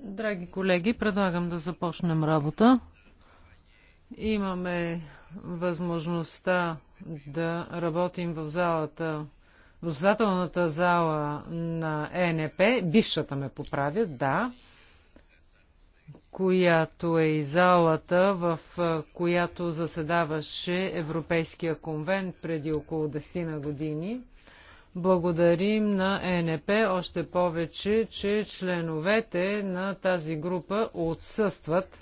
Драги колеги, предлагам да започнем работа. Имаме възможността да работим в залата, в задателната зала на ЕНП, бившата ме поправя, да, която е и залата, в която заседаваше Европейския конвент преди около 10 на години – Благодарим на ЕНП, още повече, че членовете на тази група отсъстват,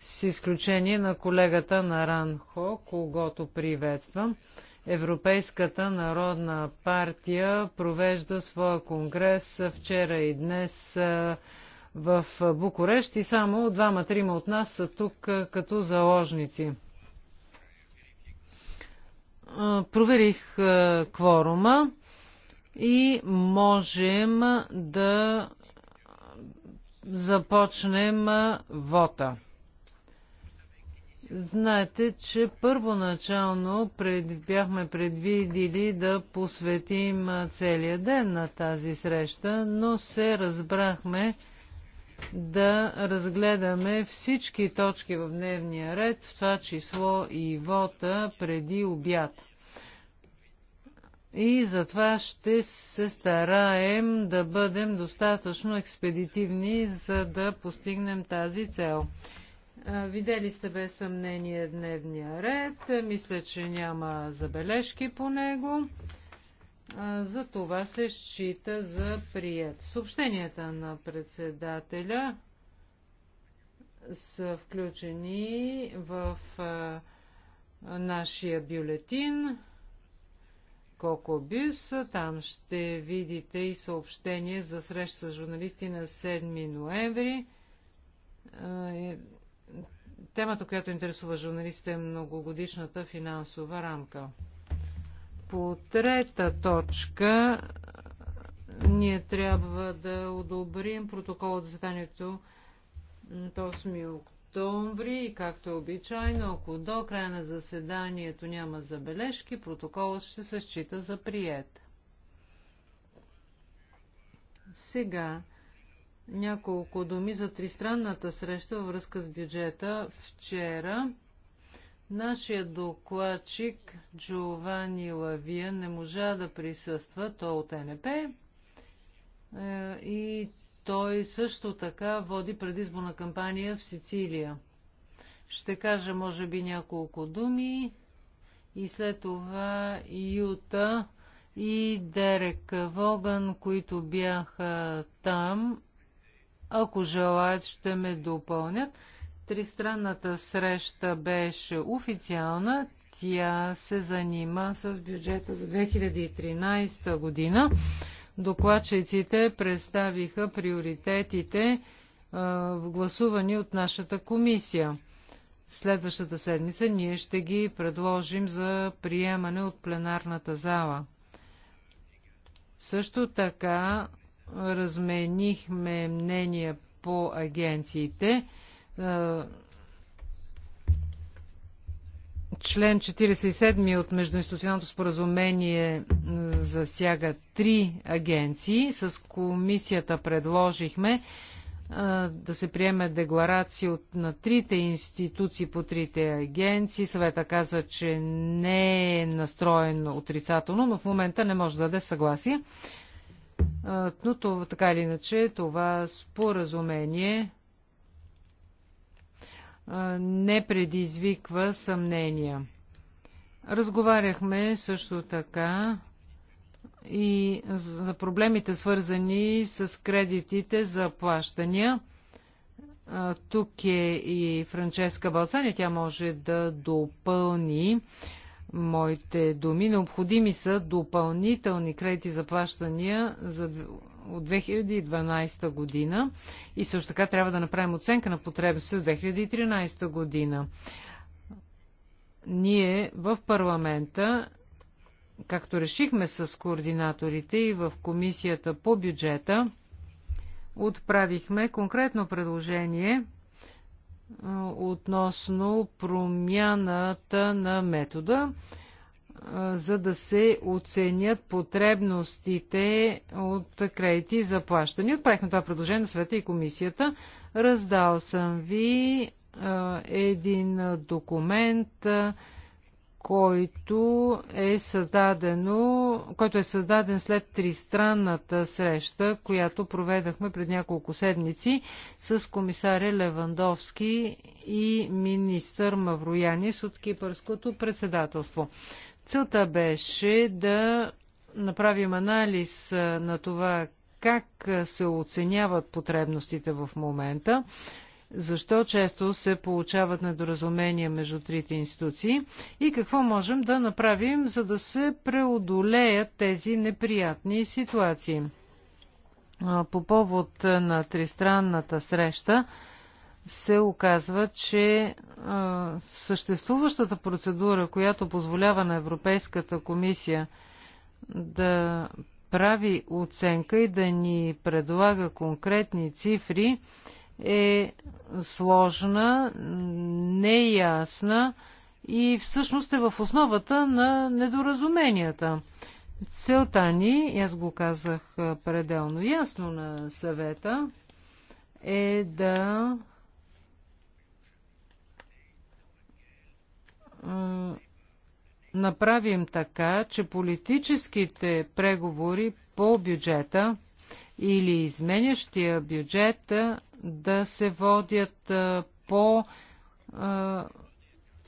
с изключение на колегата на Ранхо, когато приветствам. Европейската народна партия провежда своя конгрес вчера и днес в Букурещ и само двама-трима от нас са тук като заложници. Проверих кворума и можем да започнем вота. Знаете, че първоначално пред, бяхме предвидили да посветим целия ден на тази среща, но се разбрахме да разгледаме всички точки в дневния ред, в това число и вота преди обяд. И затова ще се стараем да бъдем достатъчно експедитивни, за да постигнем тази цел. Видели сте без съмнение дневния ред. Мисля, че няма забележки по него. За това се счита за прият. Съобщенията на председателя са включени в нашия бюлетин. Кокобюс. Там ще видите и съобщение за среща с журналисти на 7 ноември. Темата, която интересува журналистите е многогодишната финансова рамка. По трета точка ние трябва да одобрим протокол от заседанието 8 октомври октомври и както е обичайно, ако до края на заседанието няма забележки, протоколът ще се счита за прият. Сега няколко думи за тристранната среща във връзка с бюджета. Вчера нашия докладчик Джовани Лавия не можа да присъства, то е от НП, е, и той също така води предизборна кампания в Сицилия. Ще кажа, може би, няколко думи и след това Юта и Дерек Воган, които бяха там. Ако желаят, ще ме допълнят. Тристранната среща беше официална. Тя се занима с бюджета за 2013 година. Докладчиците представиха приоритетите в гласувани от нашата комисия. Следващата седмица ние ще ги предложим за приемане от пленарната зала. Също така разменихме мнения по агенциите. Член 47 от Междуинституционалното споразумение засяга три агенции. С комисията предложихме да се приеме декларация от, на трите институции по трите агенции. Съвета каза, че не е настроен отрицателно, но в момента не може да даде съгласие. Но това, така или иначе, това споразумение не предизвиква съмнения. Разговаряхме също така и за проблемите свързани с кредитите за плащания. Тук е и Франческа Балсани. Тя може да допълни моите думи. Необходими са допълнителни кредити за плащания за от 2012 година и също така трябва да направим оценка на потребности от 2013 година. Ние в парламента, както решихме с координаторите и в комисията по бюджета, отправихме конкретно предложение относно промяната на метода за да се оценят потребностите от кредити за плащане. Отправихме това предложение на света и комисията. Раздал съм ви един документ, който е, създадено, който е създаден след тристранната среща, която проведахме пред няколко седмици с комисаря Левандовски и министър Мавроянис от Кипърското председателство. Целта беше да направим анализ на това как се оценяват потребностите в момента, защо често се получават недоразумения между трите институции и какво можем да направим, за да се преодолеят тези неприятни ситуации. По повод на тристранната среща, се оказва, че а, съществуващата процедура, която позволява на Европейската комисия да прави оценка и да ни предлага конкретни цифри, е сложна, неясна и всъщност е в основата на недоразуменията. Целта ни, аз го казах пределно ясно на съвета, е да направим така, че политическите преговори по бюджета или изменящия бюджет да се водят по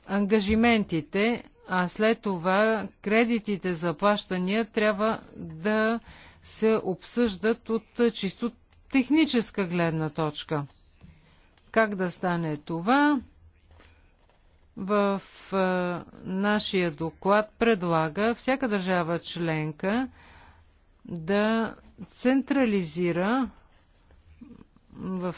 ангажиментите, а след това кредитите за плащания трябва да се обсъждат от чисто техническа гледна точка. Как да стане това? в а, нашия доклад предлага всяка държава членка да централизира в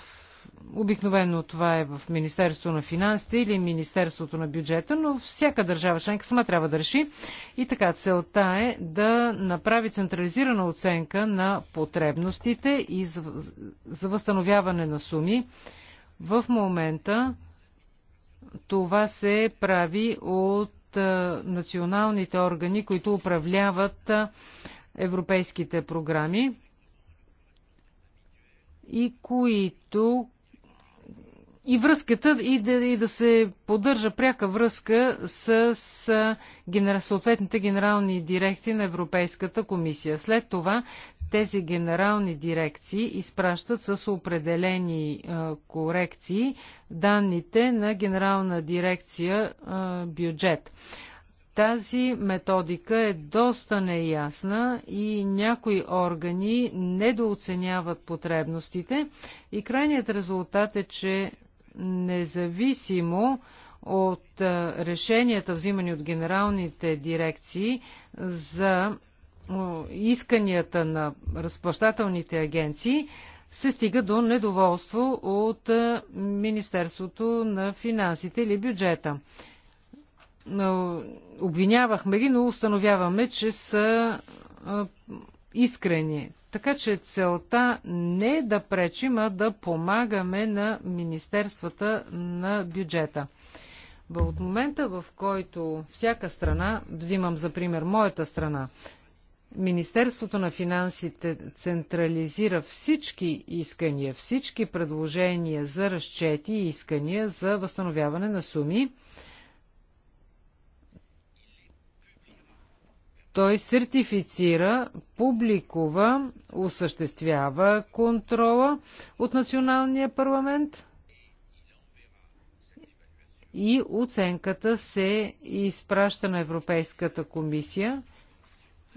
обикновено това е в Министерството на финансите или Министерството на бюджета, но всяка държава членка сама трябва да реши. И така, целта е да направи централизирана оценка на потребностите и за, за възстановяване на суми. В момента това се прави от националните органи, които управляват европейските програми и които и връзката и да, и да се поддържа пряка връзка с, с генера, съответните генерални дирекции на Европейската комисия. След това тези генерални дирекции изпращат с определени а, е, корекции данните на генерална дирекция а, е, бюджет. Тази методика е доста неясна и някои органи недооценяват потребностите и крайният резултат е, че независимо от решенията, взимани от генералните дирекции за исканията на разплащателните агенции, се стига до недоволство от Министерството на финансите или бюджета. Обвинявахме ги, но установяваме, че са искрени. Така че целта не е да пречим, а да помагаме на Министерствата на бюджета. От момента, в който всяка страна, взимам за пример моята страна, Министерството на финансите централизира всички искания, всички предложения за разчети и искания за възстановяване на суми, Той сертифицира, публикува, осъществява контрола от националния парламент и оценката се изпраща на Европейската комисия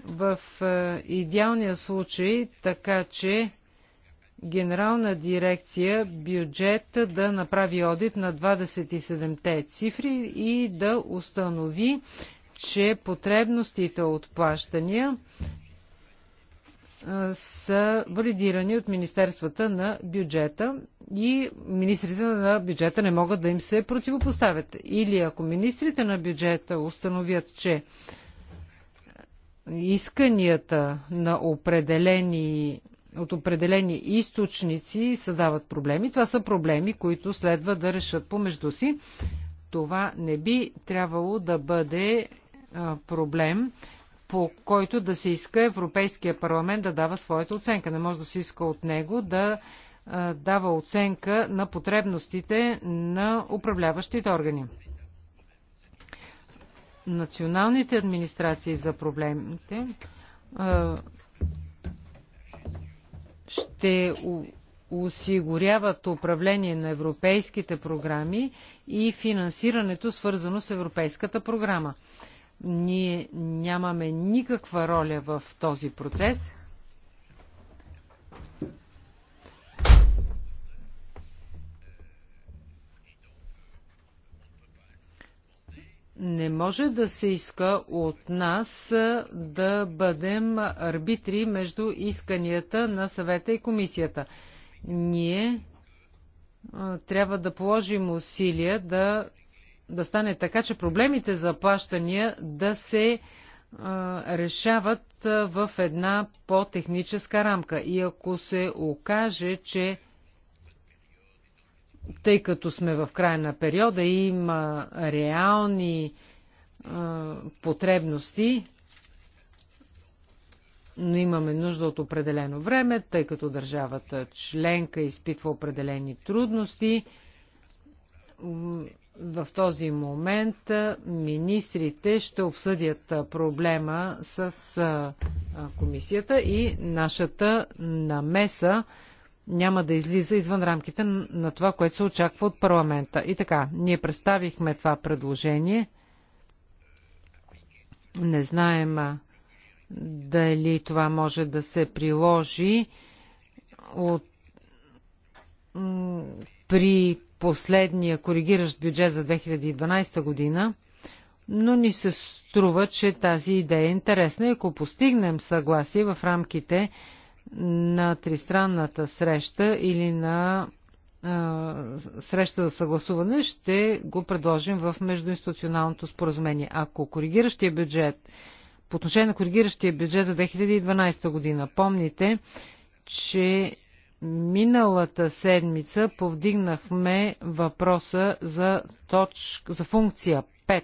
в е, идеалния случай, така че генерална дирекция бюджет да направи одит на 27-те цифри и да установи че потребностите от плащания са валидирани от Министерствата на бюджета и министрите на бюджета не могат да им се противопоставят. Или ако министрите на бюджета установят, че исканията на определени, от определени източници създават проблеми, това са проблеми, които следва да решат помежду си. Това не би трябвало да бъде проблем, по който да се иска Европейския парламент да дава своята оценка. Не може да се иска от него да дава оценка на потребностите на управляващите органи. Националните администрации за проблемите ще осигуряват управление на европейските програми и финансирането свързано с европейската програма. Ние нямаме никаква роля в този процес. не може да се иска от нас да бъдем арбитри между исканията на съвета и комисията. Ние трябва да положим усилия да да стане така, че проблемите за плащания да се решават в една по-техническа рамка. И ако се окаже, че тъй като сме в края на периода и има реални а, потребности, но имаме нужда от определено време, тъй като държавата членка изпитва определени трудности, в този момент министрите ще обсъдят проблема с комисията и нашата намеса няма да излиза извън рамките на това, което се очаква от парламента. И така, ние представихме това предложение. Не знаем дали това може да се приложи от, при последния коригиращ бюджет за 2012 година, но ни се струва, че тази идея е интересна. Ако постигнем съгласие в рамките на тристранната среща или на а, среща за съгласуване, ще го предложим в междуинституционалното споразумение. Ако коригиращия бюджет, по отношение на коригиращия бюджет за 2012 година, помните, че Миналата седмица повдигнахме въпроса за, точ... за функция 5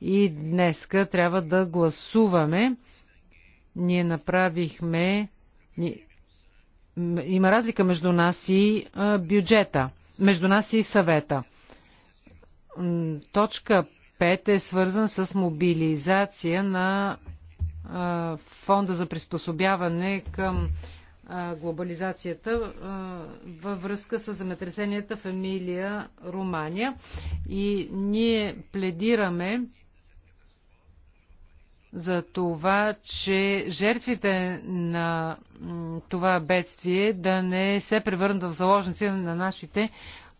и днеска трябва да гласуваме. Ние направихме. Има разлика между нас и бюджета, между нас и съвета. Точка 5 е свързан с мобилизация на Фонда за приспособяване към глобализацията във връзка с земетресенията в Емилия, Румания. И ние пледираме за това, че жертвите на това бедствие да не се превърнат в заложници на нашите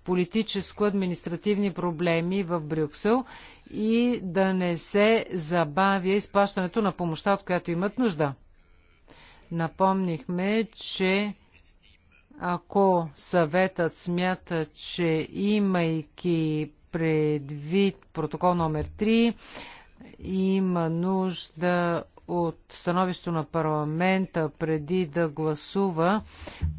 политическо-административни проблеми в Брюксел и да не се забавя изплащането на помощта, от която имат нужда. Напомнихме, че ако съветът смята, че имайки предвид протокол номер 3, има нужда от становището на парламента преди да гласува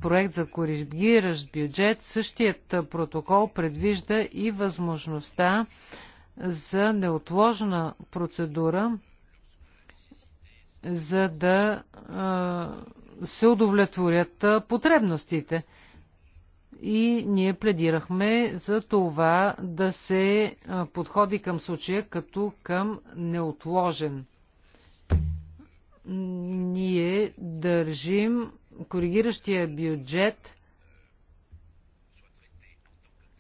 проект за коригиращ бюджет, същият протокол предвижда и възможността за неотложна процедура за да се удовлетворят потребностите. И ние пледирахме за това да се подходи към случая като към неотложен. Ние държим коригиращия бюджет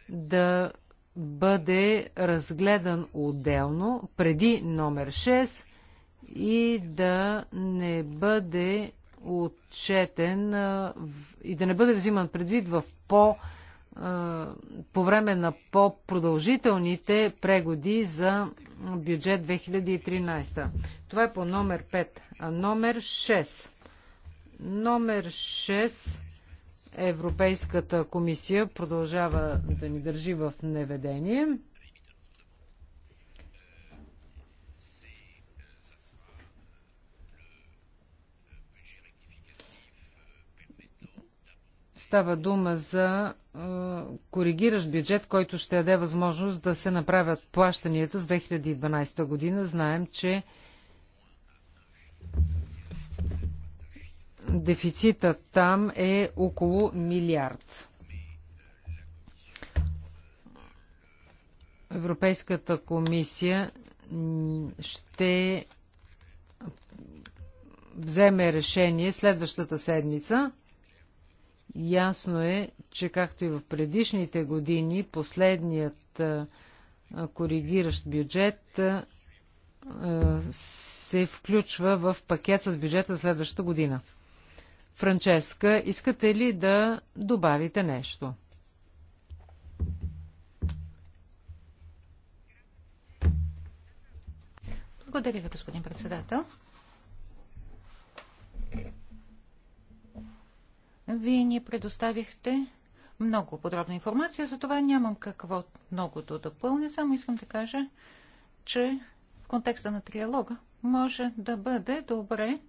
да бъде разгледан отделно преди номер 6 и да не бъде отчетен и да не бъде взиман предвид в по, по време на по-продължителните прегоди за бюджет 2013. Това е по номер 5. А номер 6. Номер 6 Европейската комисия продължава да ни държи в неведение. Става дума за е, коригиращ бюджет, който ще даде възможност да се направят плащанията с 2012 година. Знаем, че дефицитът там е около милиард. Европейската комисия ще вземе решение следващата седмица Ясно е, че както и в предишните години, последният коригиращ бюджет се включва в пакет с бюджета следващата година. Франческа, искате ли да добавите нещо? Благодаря ви, господин председател. Вие ни предоставихте много подробна информация, за това нямам какво много да допълня, само искам да кажа, че в контекста на триалога може да бъде добре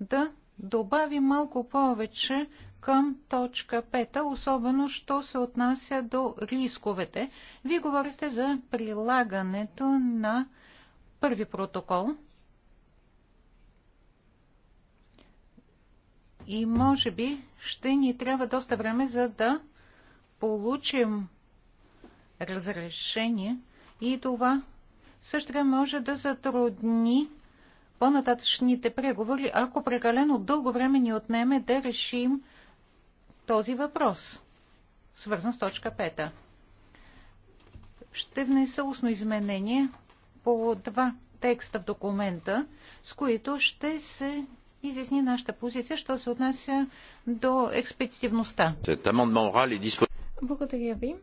да добави малко повече към точка 5, особено що се отнася до рисковете. Вие говорите за прилагането на първи протокол – И може би ще ни трябва доста време, за да получим разрешение и това също така може да затрудни по-нататъчните преговори, ако прекалено дълго време ни отнеме да решим този въпрос, свързан с точка 5. Ще внеса устно изменение по два текста в документа, с които ще се изясни нашата позиция, що се отнася до експедитивността. Благодаря ви.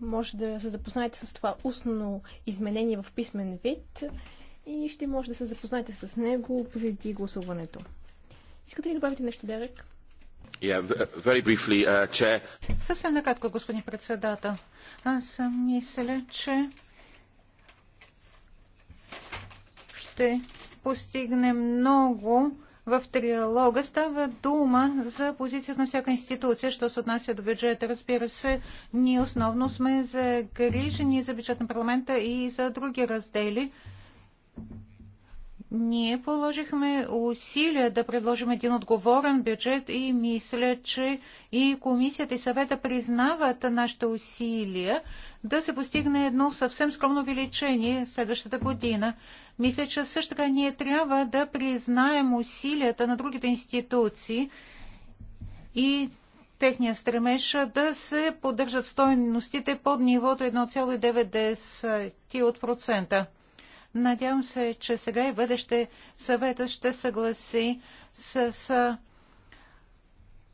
Може да се запознаете с това устно изменение в писмен вид и ще може да се запознаете с него преди гласуването. Искате ли да добавите нещо, Дерек? Yeah, briefly, uh, Съвсем накратко, господин председател. Аз съм мисля, че ще постигне много в триалога. Става дума за позицията на всяка институция, що се отнася до бюджета. Разбира се, ние основно сме загрижени за бюджет на парламента и за други раздели. Ние положихме усилия да предложим един отговорен бюджет и мисля, че и комисията и съвета признават нашите усилия да се постигне едно съвсем скромно увеличение следващата година. Мисля, че също така ние трябва да признаем усилията на другите институции и техния стремеж да се поддържат стойностите под нивото 1,9%. Надявам се, че сега и бъдеще съвета ще съгласи с, с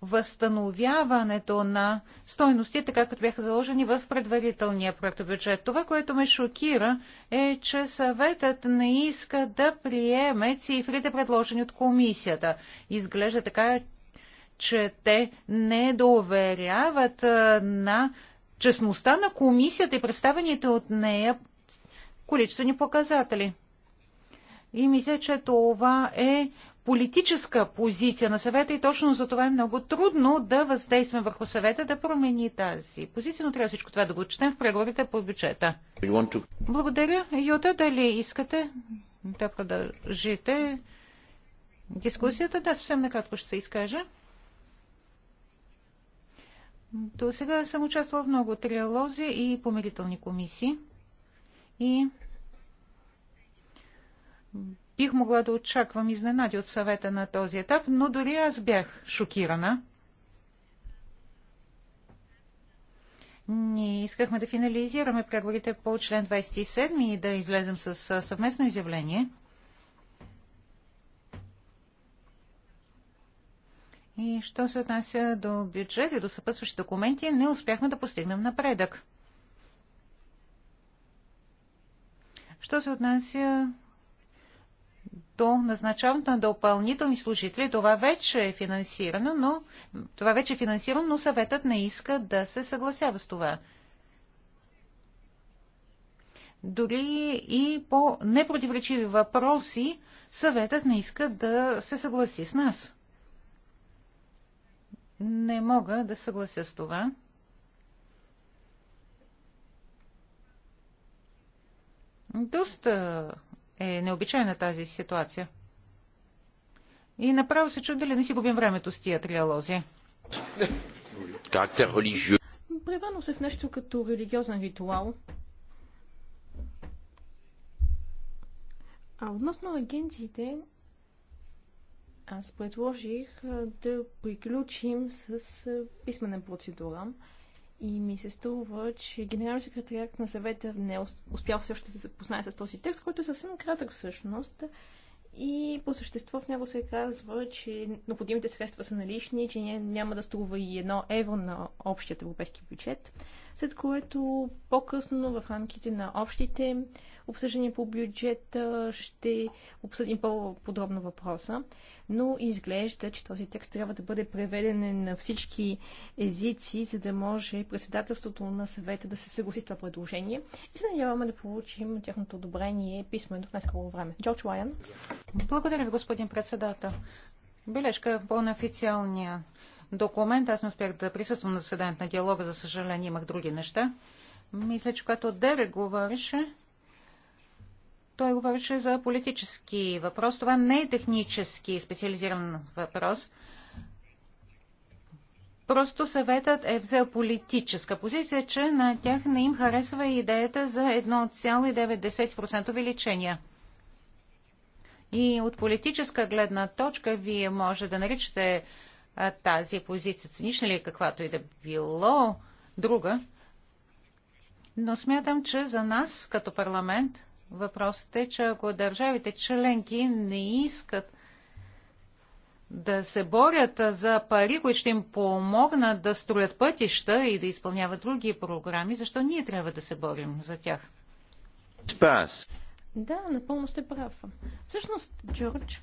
възстановяването на стойности, така като бяха заложени в предварителния проектобюджет. Това, което ме шокира, е, че съветът не иска да приеме цифрите, предложени от комисията. Изглежда така, че те не доверяват на честността на комисията и представените от нея количествени показатели. И мисля, че това е политическа позиция на съвета и точно за това е много трудно да въздействаме върху съвета да промени тази позиция, но трябва всичко това да го четем в преговорите по бюджета. To... Благодаря. Юта. дали искате да продължите дискусията? Да, съвсем накратко ще се изкажа. До сега съм участвал в много триалози и помирителни комисии. И бих могла да очаквам изненади от съвета на този етап, но дори аз бях шокирана. Ние искахме да финализираме преговорите по член 27 и да излезем с съвместно изявление. И що се отнася до бюджет и до съпътстващи документи, не успяхме да постигнем напредък. Що се отнася до назначаването на допълнителни служители. Това вече е финансирано, но това вече е финансирано, но съветът не иска да се съгласява с това. Дори и по непротиворечиви въпроси съветът не иска да се съгласи с нас. Не мога да съглася с това. Доста е необичайна тази ситуация. И направо се чуди дали не си губим времето с тия триалози. Превърнал се в нещо като религиозен ритуал. А относно агенциите, аз предложих да приключим с писмена процедура. И ми се струва, че генералният секретарят на съвета не е успял все още да се запознае с този текст, който е съвсем кратък всъщност. И по същество в него се казва, че необходимите средства са налични, че няма да струва и едно евро на общият европейски бюджет, след което по-късно в рамките на общите обсъждане по бюджета ще обсъдим по-подробно въпроса, но изглежда, че този текст трябва да бъде преведен на всички езици, за да може председателството на съвета да се съгласи с това предложение и се надяваме да получим тяхното одобрение писменно в най-скоро време. Джордж Лайан. Благодаря ви, господин председател. Бележка е по неофициалния документ. Аз не успях да присъствам на заседанието на диалога, за съжаление имах други неща. Мисля, че когато Дере говореше, той говореше за политически въпрос. Това не е технически специализиран въпрос. Просто съветът е взел политическа позиция, че на тях не им харесва идеята за 1,9% увеличение. И от политическа гледна точка вие може да наричате тази позиция цинична или каквато и да било друга. Но смятам, че за нас като парламент Въпросът е, че ако държавите членки не искат да се борят за пари, които ще им помогнат да строят пътища и да изпълняват други програми, защо ние трябва да се борим за тях? Спас. Да, напълно сте прав. Всъщност, Джордж,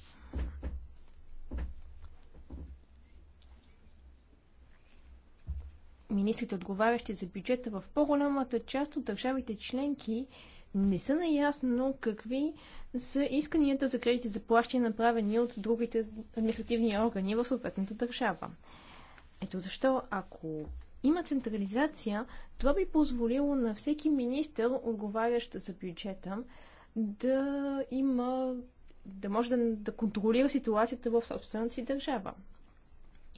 министрите, отговарящи за бюджета в по-голямата част от държавите членки, не са наясно какви са исканията за кредити за плащане, направени от другите административни органи в съответната държава. Ето защо, ако има централизация, това би позволило на всеки министър, отговарящ за бюджета, да има, да може да, да контролира ситуацията в собствената си държава.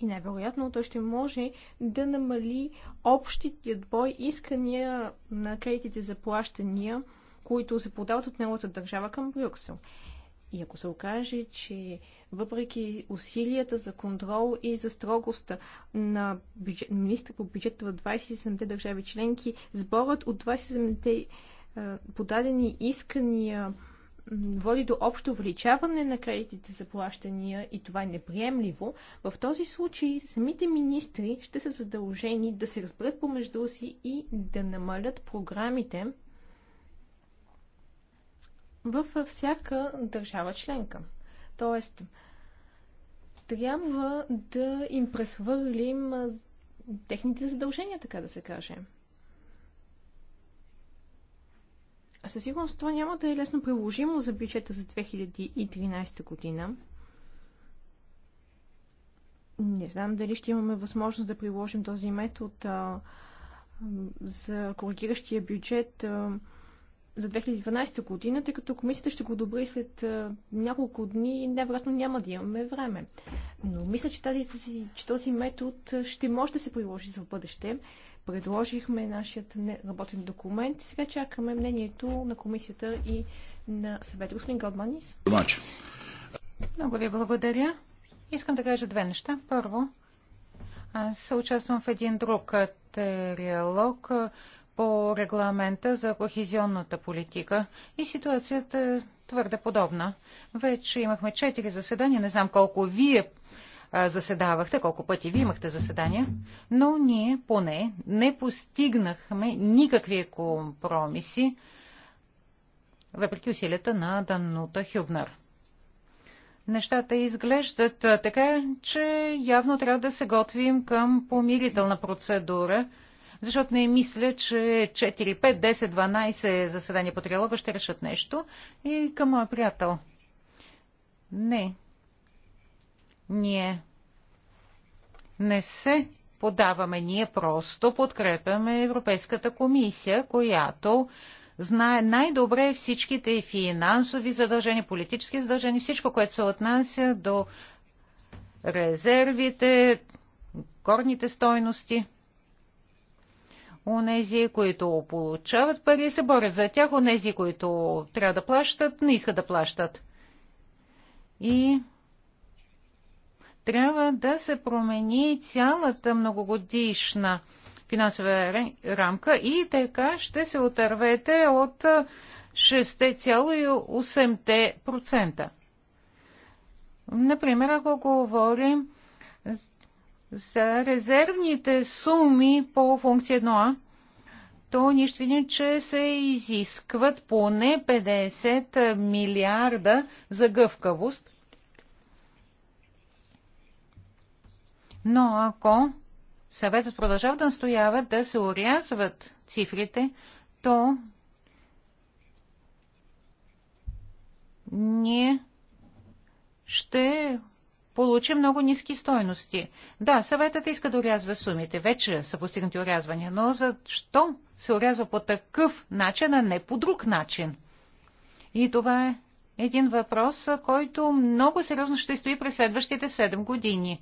И най-вероятно той ще може да намали общият брой искания на кредитите за плащания които се подават от неговата държава към Брюксел. И ако се окаже, че въпреки усилията за контрол и за строгост на бюджет, министра по бюджета в 27-те държави членки, сборът от 27-те подадени искания води до общо увеличаване на кредитите за плащания и това е неприемливо, в този случай самите министри ще са задължени да се разберат помежду си и да намалят програмите, във всяка държава членка. Тоест, трябва да им прехвърлим техните задължения, така да се каже. А със сигурност това няма да е лесно приложимо за бюджета за 2013 година. Не знам дали ще имаме възможност да приложим този метод а, за коригиращия бюджет. А, за 2012 година, тъй като комисията ще го одобри след а, няколко дни и невероятно няма да имаме време. Но мисля, че, тази, че този метод ще може да се приложи за бъдеще. Предложихме нашият работен документ. Сега чакаме мнението на комисията и на съвет. Господин Годманис. Много ви благодаря. Искам да кажа две неща. Първо, аз участвам в един друг триалог, по регламента за кохезионната политика и ситуацията е твърде подобна. Вече имахме четири заседания, не знам колко вие заседавахте, колко пъти ви имахте заседания, но ние поне не постигнахме никакви компромиси, въпреки усилията на Данута Хюбнер. Нещата изглеждат така, че явно трябва да се готвим към помирителна процедура – защото не мисля, че 4, 5, 10, 12 заседания по триалога ще решат нещо. И към моя приятел. Не. Ние не се подаваме. Ние просто подкрепяме Европейската комисия, която знае най-добре всичките финансови задължения, политически задължения, всичко, което се отнася до резервите, горните стойности. Онези, които получават пари, се борят за тях. Онези, които трябва да плащат, не искат да плащат. И трябва да се промени цялата многогодишна финансова рамка и така ще се отървете от 6,8%. Например, ако говорим за резервните суми по функция 1А, то ние ще видим, че се изискват поне 50 милиарда за гъвкавост. Но ако съветът продължава да настоява да се урязват цифрите, то ние ще получи много ниски стойности. Да, съветът иска да урязва сумите. Вече са постигнати урязвания, но защо се урязва по такъв начин, а не по друг начин? И това е един въпрос, който много сериозно ще стои през следващите 7 години.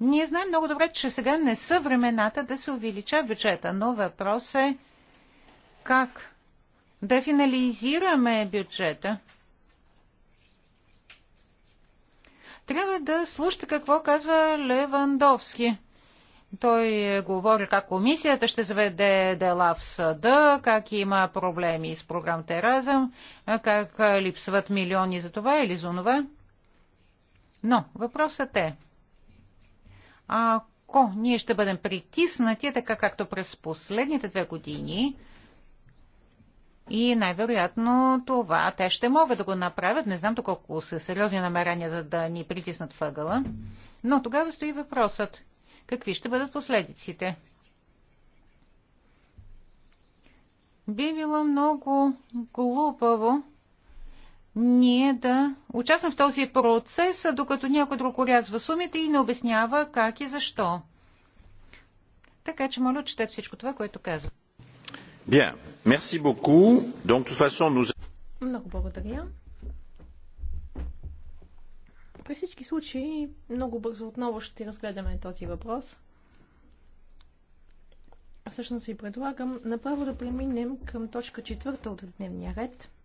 Ние знаем много добре, че сега не са времената да се увелича бюджета, но въпрос е как да финализираме бюджета. Трябва да слушате какво казва Левандовски. Той говори как комисията ще заведе дела в съда, как има проблеми с програмата Еразъм, как липсват милиони за това или за това. Но въпросът е, ако ние ще бъдем притиснати, така както през последните две години, и най-вероятно това те ще могат да го направят. Не знам доколко са сериозни намерения да, да ни притиснат въгъла. Но тогава стои въпросът. Какви ще бъдат последиците? Би било много глупаво ние да участвам в този процес, докато някой друг урязва сумите и не обяснява как и защо. Така че моля, чете всичко това, което казвам. Много благодаря. При всички случаи, много бързо отново ще разгледаме този въпрос. Всъщност ви предлагам направо да преминем към точка четвърта от дневния ред –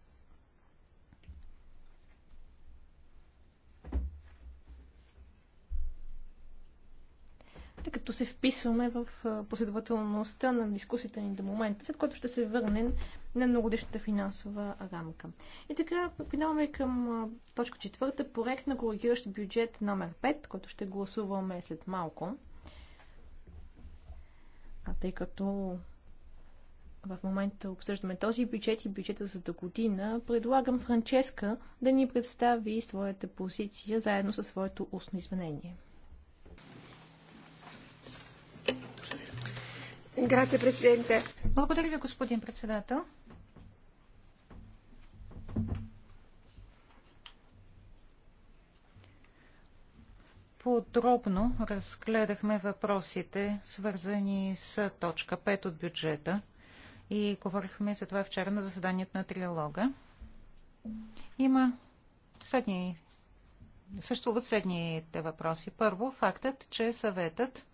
тъй като се вписваме в последователността на дискусията ни до момента, след което ще се върнем на многодишната финансова рамка. И така, преминаваме към точка четвърта, проект на коригиращ бюджет номер 5, който ще гласуваме след малко. А тъй като в момента обсъждаме този бюджет и бюджета за до година, предлагам Франческа да ни представи своята позиция заедно със своето устно изменение. Благодаря ви, господин председател. Подробно разгледахме въпросите, свързани с точка 5 от бюджета и говорихме за това вчера на заседанието на трилога. Има следни... Съществуват следните въпроси. Първо, фактът, че съветът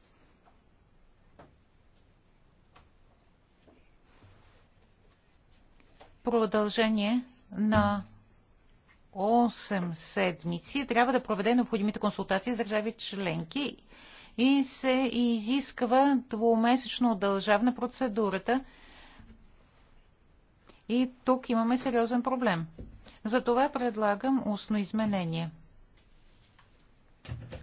продължение на 8 седмици трябва да проведе необходимите консултации с държави членки и се изисква двумесечно на процедурата. И тук имаме сериозен проблем. Затова предлагам устно изменение,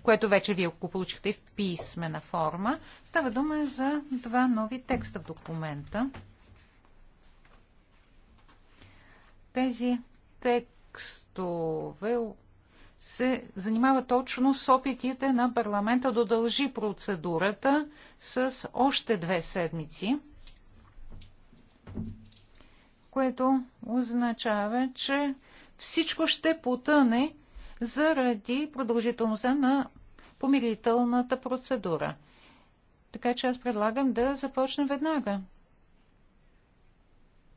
което вече вие го получихте в писмена форма. Става дума за два нови текста в документа. Тези текстове се занимава точно с опитите на парламента да дължи процедурата с още две седмици, което означава, че всичко ще потъне заради продължителността на помирителната процедура. Така че аз предлагам да започнем веднага.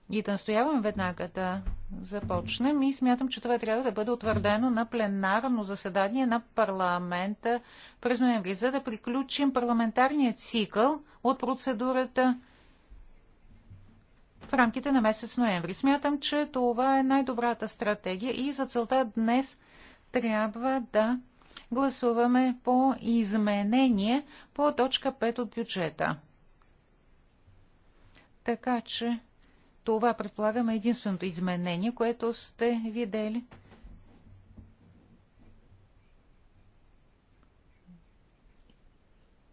И да настоявам веднага да започнем и смятам, че това трябва да бъде утвърдено на пленарно заседание на парламента през ноември, за да приключим парламентарния цикъл от процедурата в рамките на месец ноември. Смятам, че това е най-добрата стратегия и за целта днес трябва да гласуваме по изменение по точка 5 от бюджета. Така че това, предполагаме единственото изменение, което сте видели.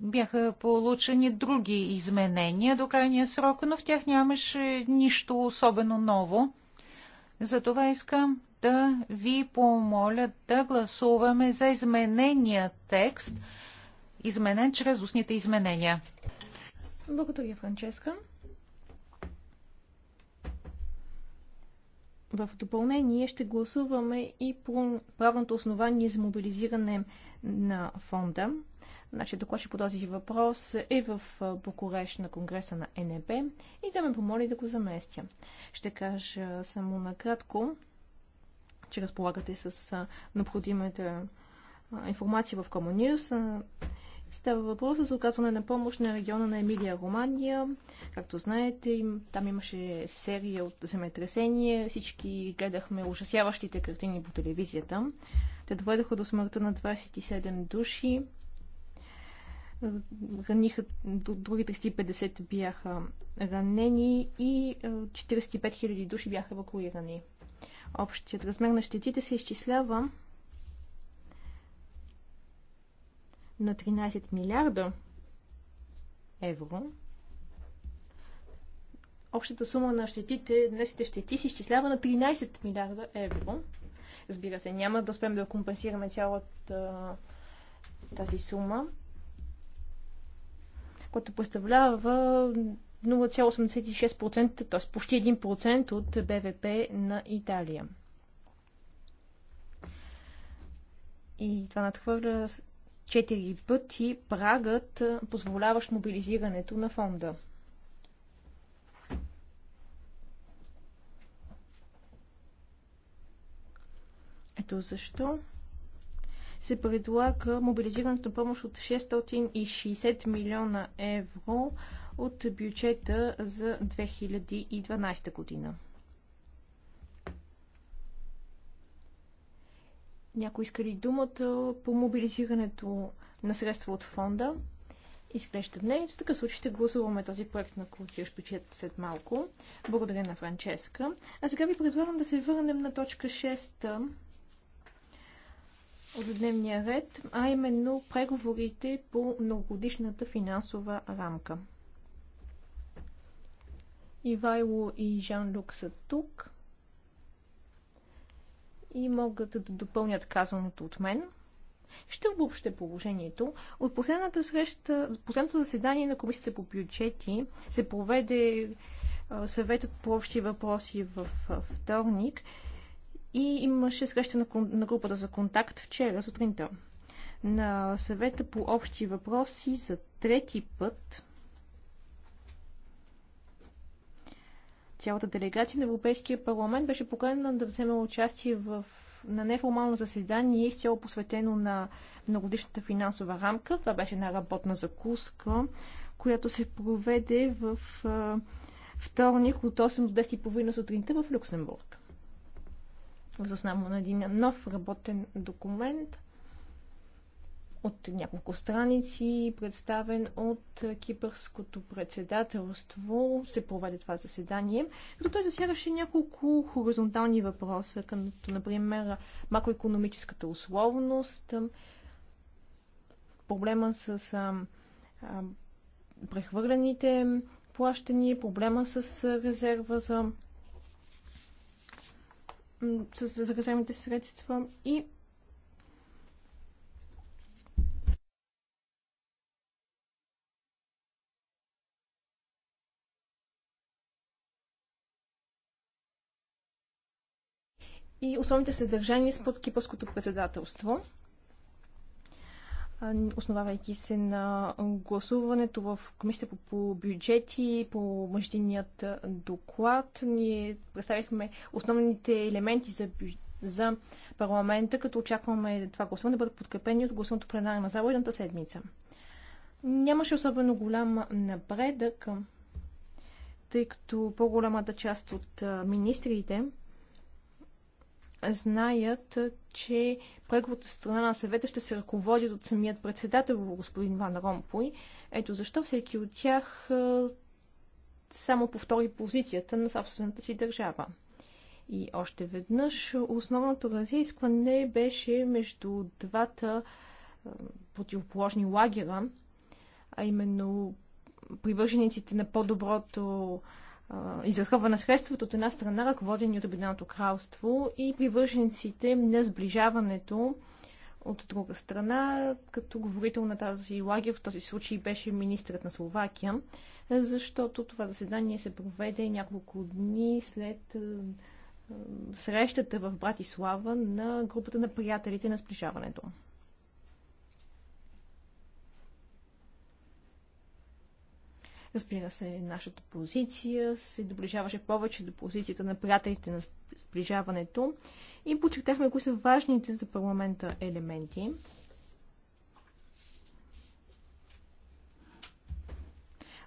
Бяха получени други изменения до крайния срок, но в тях нямаше нищо особено ново. Затова искам да ви помоля да гласуваме за изменения текст, изменен чрез устните изменения. Благодаря, Франческа. В допълнение ще гласуваме и по правното основание за мобилизиране на фонда. Значи ще по този въпрос е в Букурещ на Конгреса на НЕБ и да ме помоли да го заместя. Ще кажа само накратко, че разполагате с необходимата информация в Common News. Става въпрос за оказване на помощ на региона на Емилия Романия. Както знаете, там имаше серия от земетресения. Всички гледахме ужасяващите картини по телевизията. Те доведоха до смъртта на 27 души. Раниха, други 350 бяха ранени и 45 000 души бяха евакуирани. Общият размер на щетите се изчислява на 13 милиарда евро. Общата сума на щетите, днесите щети се изчислява на 13 милиарда евро. Разбира се, няма да успеем да компенсираме цялата тази сума, което представлява 0,86%, т.е. почти 1% от БВП на Италия. И това надхвърля четири пъти прагът, позволяващ мобилизирането на фонда. Ето защо се предлага мобилизирането на помощ от 660 милиона евро от бюджета за 2012 година. Някой иска ли думата по мобилизирането на средства от фонда? Изглежда не. В такъв случай ще гласуваме този проект на коротиращ бюджет след малко. Благодаря на Франческа. А сега ви предлагам да се върнем на точка 6 от дневния ред, а именно преговорите по многогодишната финансова рамка. Ивайло и Жан-Люк са тук и могат да допълнят казаното от мен. Ще обобща положението. От последната среща, последното заседание на Комисията по бюджети се проведе съветът по общи въпроси в вторник и имаше среща на, на групата за контакт вчера сутринта. На съвета по общи въпроси за трети път Цялата делегация на Европейския парламент беше поканена да вземе участие в на неформално заседание изцяло посветено на многодишната финансова рамка. Това беше една работна закуска, която се проведе в вторник от 8 до 10.30 сутринта в Люксембург. в на един нов работен документ, от няколко страници, представен от кипърското председателство, се проведе това заседание, като той засягаше няколко хоризонтални въпроса, като например макроекономическата условност, проблема с а, а, прехвърлените плащания, проблема с резерва за с, за резервните средства и и основните съдържания според кипърското председателство, основавайки се на гласуването в комисията по бюджети, по мъждиният доклад. Ние представихме основните елементи за за парламента, като очакваме това гласуване да бъдат подкрепени от гласуването пленарна на заводната седмица. Нямаше особено голям напредък, тъй като по-голямата част от министрите знаят, че преговорът страна на съвета ще се ръководят от самият председател, господин Ван Ромпой. Ето защо всеки от тях само повтори позицията на собствената си държава. И още веднъж основното разискване беше между двата противоположни лагера, а именно привържениците на по-доброто изразходва на средствата от една страна, ръководени от Обединеното кралство и привържениците на сближаването от друга страна, като говорител на тази лагер в този случай беше министрът на Словакия, защото това заседание се проведе няколко дни след срещата в Братислава на групата на приятелите на сближаването. Разбира се, нашата позиция се доближаваше повече до позицията на приятелите на сближаването и подчертахме кои са важните за парламента елементи.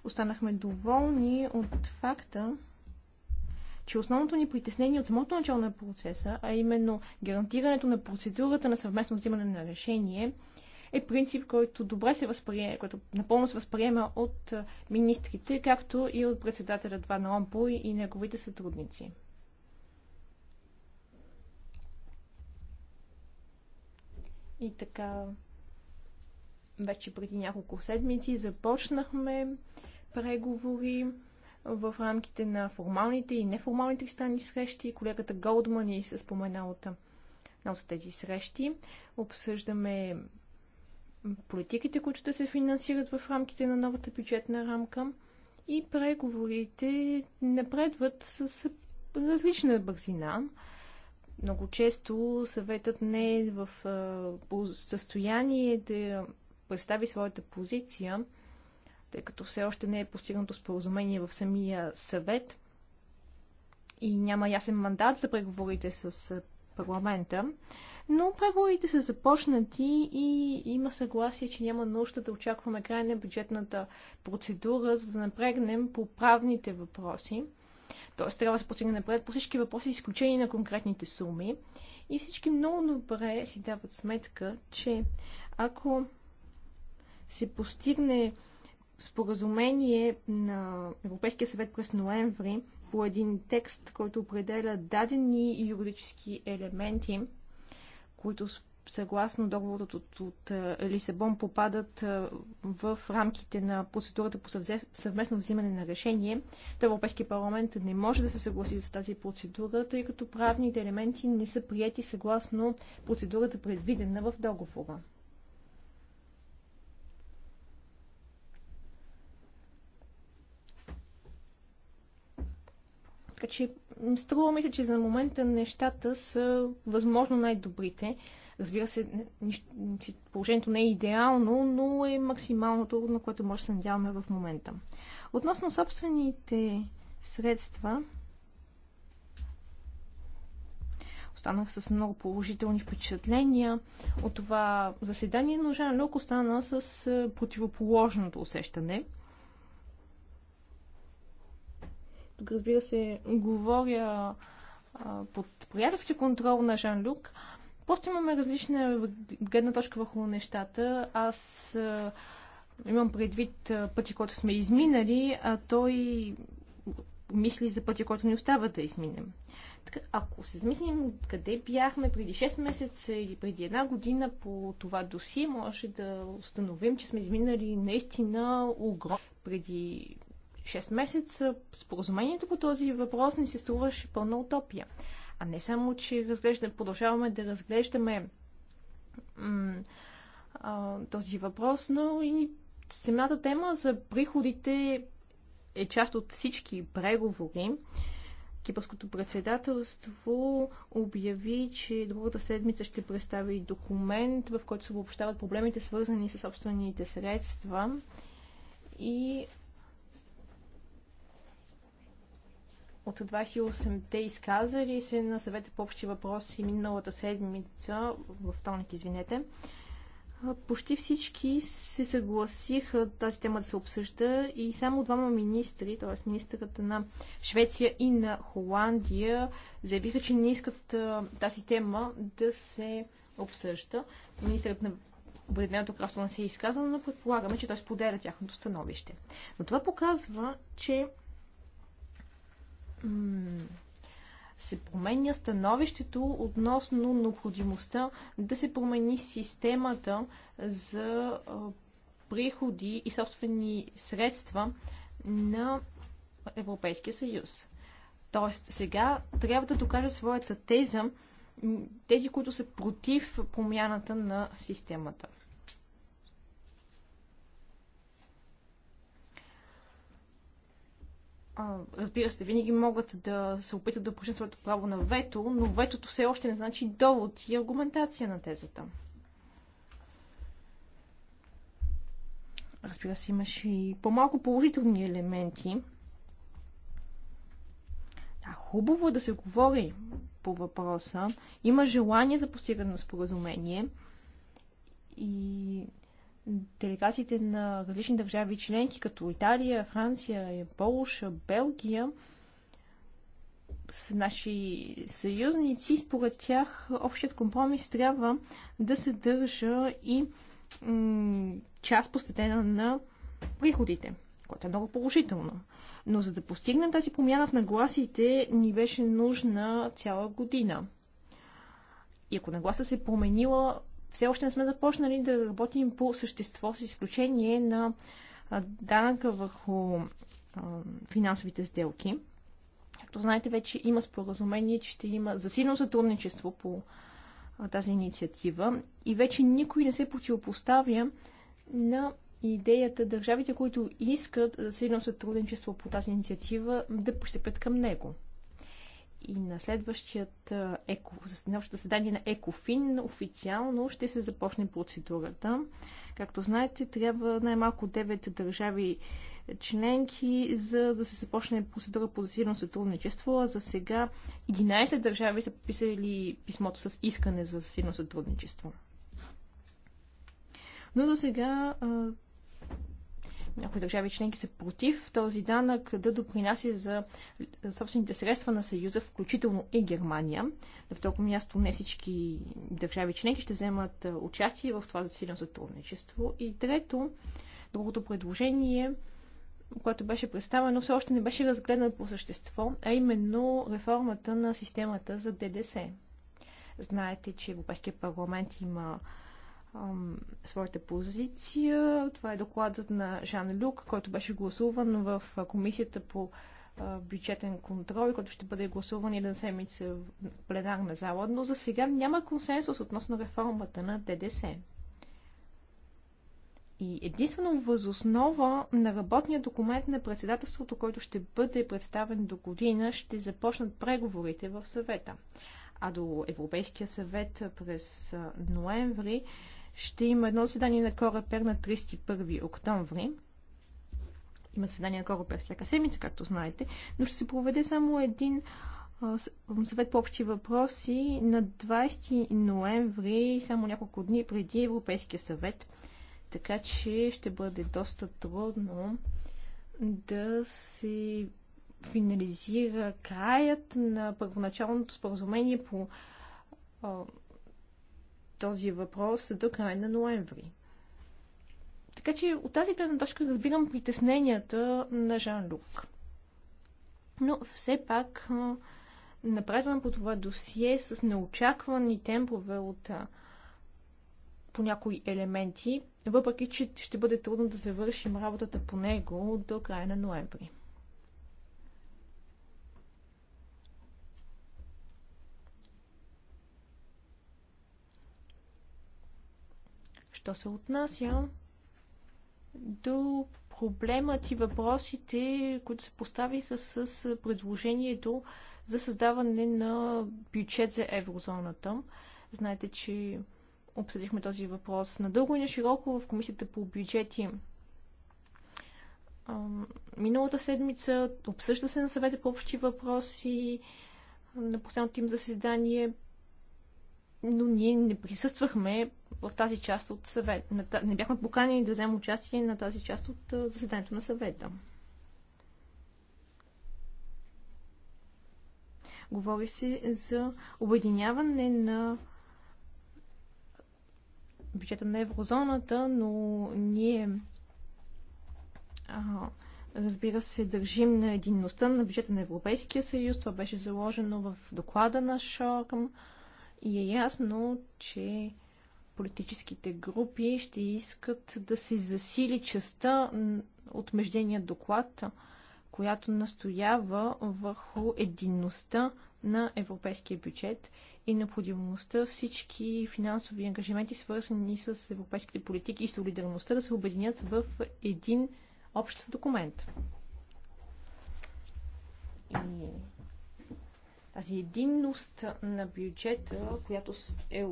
Останахме доволни от факта, че основното ни притеснение от самото начало на процеса, а именно гарантирането на процедурата на съвместно взимане на решение, е принцип, който добре се възприема, който напълно се възприема от министрите, както и от председателя Ван Ромпо и неговите сътрудници. И така, вече преди няколко седмици започнахме преговори в рамките на формалните и неформалните странни срещи. Колегата Голдман и се спомена от от тези срещи. Обсъждаме политиките, които ще се финансират в рамките на новата бюджетна рамка и преговорите напредват с различна бързина. Много често съветът не е в състояние да представи своята позиция, тъй като все още не е постигнато споразумение в самия съвет и няма ясен мандат за преговорите с парламента но преговорите са започнати и има съгласие, че няма нужда да очакваме край на бюджетната процедура, за да напрегнем по правните въпроси. Тоест трябва да се постигне напред по всички въпроси, изключение на конкретните суми. И всички много добре си дават сметка, че ако се постигне споразумение на Европейския съвет през ноември по един текст, който определя дадени юридически елементи, които съгласно договорът от, от е, Лисабон попадат е, в рамките на процедурата по съвместно взимане на решение, Европейския парламент не може да се съгласи с тази процедура, тъй като правните елементи не са прияти съгласно процедурата предвидена в договора. Така че Струва ми се, че за момента нещата са възможно най-добрите. Разбира се, положението не е идеално, но е максималното, на което може да се надяваме в момента. Относно собствените средства, останах с много положителни впечатления от това заседание, но Жан Люк остана с противоположното усещане – Тук, разбира се, говоря а, под приятелски контрол на Жан-Люк. Просто имаме различна гледна точка върху нещата. Аз а, имам предвид пъти, който сме изминали, а той мисли за пътя, който ни остава да изминем. Така, ако се замислим къде бяхме преди 6 месеца или преди една година по това досие, може да установим, че сме изминали наистина огром. Преди 6 месеца, споразумението по този въпрос ни се струваше пълна утопия. А не само, че разглеждаме, продължаваме да разглеждаме а, този въпрос, но и самата тема за приходите е част от всички преговори. Кипърското председателство обяви, че другата седмица ще представи документ, в който се обобщават проблемите, свързани с собствените средства. И от 28-те изказали се на съвета по общи въпроси миналата седмица, във вторник, извинете, почти всички се съгласиха тази тема да се обсъжда и само двама министри, т.е. министърът на Швеция и на Холандия, заявиха, че не искат тази тема да се обсъжда. Министърът на Обединеното кралство не се е изказано, но предполагаме, че той споделя тяхното становище. Но това показва, че се променя становището относно необходимостта да се промени системата за приходи и собствени средства на Европейския съюз. Тоест, сега трябва да докажа своята теза тези, които са против промяната на системата. разбира се, винаги могат да се опитат да упражнят своето право на вето, но ветото все още не значи довод и аргументация на тезата. Разбира се, имаше и по-малко положителни елементи. Да, хубаво е да се говори по въпроса. Има желание за постигане на споразумение. И делегациите на различни държави членки, като Италия, Франция, Полша, Белгия, са наши съюзници. Според тях общият компромис трябва да съдържа и част посветена на приходите, което е много положително. Но за да постигнем тази промяна в нагласите, ни беше нужна цяла година. И ако нагласа се е променила, все още не сме започнали да работим по същество, с изключение на данъка върху финансовите сделки. Както знаете, вече има споразумение, че ще има засилено сътрудничество по тази инициатива и вече никой не се противопоставя на идеята държавите, които искат засилено сътрудничество по тази инициатива, да пристъпят към него и на следващият еко, на заседание на ЕКОФИН официално ще се започне процедурата. Както знаете, трябва най-малко 9 държави членки, за да се започне процедура по засилено сътрудничество, а за сега 11 държави са подписали писмото с искане за засилено сътрудничество. Но за сега някои държави членки са против този данък да допринася за собствените средства на Съюза, включително и Германия. На второ място не всички държави членки ще вземат участие в това засилено сътрудничество. И трето, другото предложение, което беше представено, все още не беше разгледано по същество, а именно реформата на системата за ДДС. Знаете, че Европейския парламент има своята позиция. Това е докладът на Жан Люк, който беше гласуван в Комисията по бюджетен контрол, който ще бъде гласуван една седмица в пленарна зала, но за сега няма консенсус относно реформата на ДДС. И единствено възоснова на работния документ на председателството, който ще бъде представен до година, ще започнат преговорите в съвета. А до Европейския съвет през ноември ще има едно заседание на Корепер на 31 октомври. Има заседание на Корепер всяка седмица, както знаете, но ще се проведе само един съвет по общи въпроси на 20 ноември, само няколко дни преди Европейския съвет. Така че ще бъде доста трудно да се финализира краят на първоначалното споразумение по този въпрос до края на ноември. Така че от тази гледна точка разбирам притесненията на Жан Люк. Но все пак напредвам по това досие с неочаквани темпове от по някои елементи, въпреки че ще бъде трудно да завършим работата по него до края на ноември. Що се отнася до проблемът и въпросите, които се поставиха с предложението за създаване на бюджет за еврозоната. Знаете, че обсъдихме този въпрос надълго и на широко в Комисията по бюджети. Миналата седмица обсъжда се на съвета по общи въпроси на последното им заседание, но ние не присъствахме в тази част от съвет. Не бяхме поканени да вземем участие на тази част от заседанието на съвета. Говори се за обединяване на бюджета на еврозоната, но ние а, разбира се държим на единността на бюджета на Европейския съюз. Това беше заложено в доклада на Шорм и е ясно, че политическите групи ще искат да се засили частта от междения доклад, която настоява върху единността на европейския бюджет и необходимостта всички финансови ангажименти, свързани с европейските политики и солидарността, да се обединят в един общ документ. И тази единност на бюджета, която е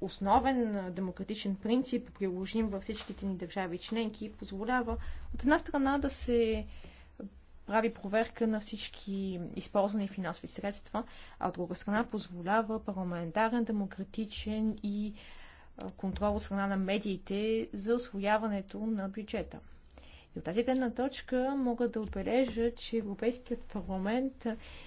основен демократичен принцип, приложим във всичките ни държави членки, позволява от една страна да се прави проверка на всички използвани финансови средства, а от друга страна позволява парламентарен, демократичен и контрол от страна на медиите за освояването на бюджета. И от тази гледна точка мога да отбележа, че Европейският парламент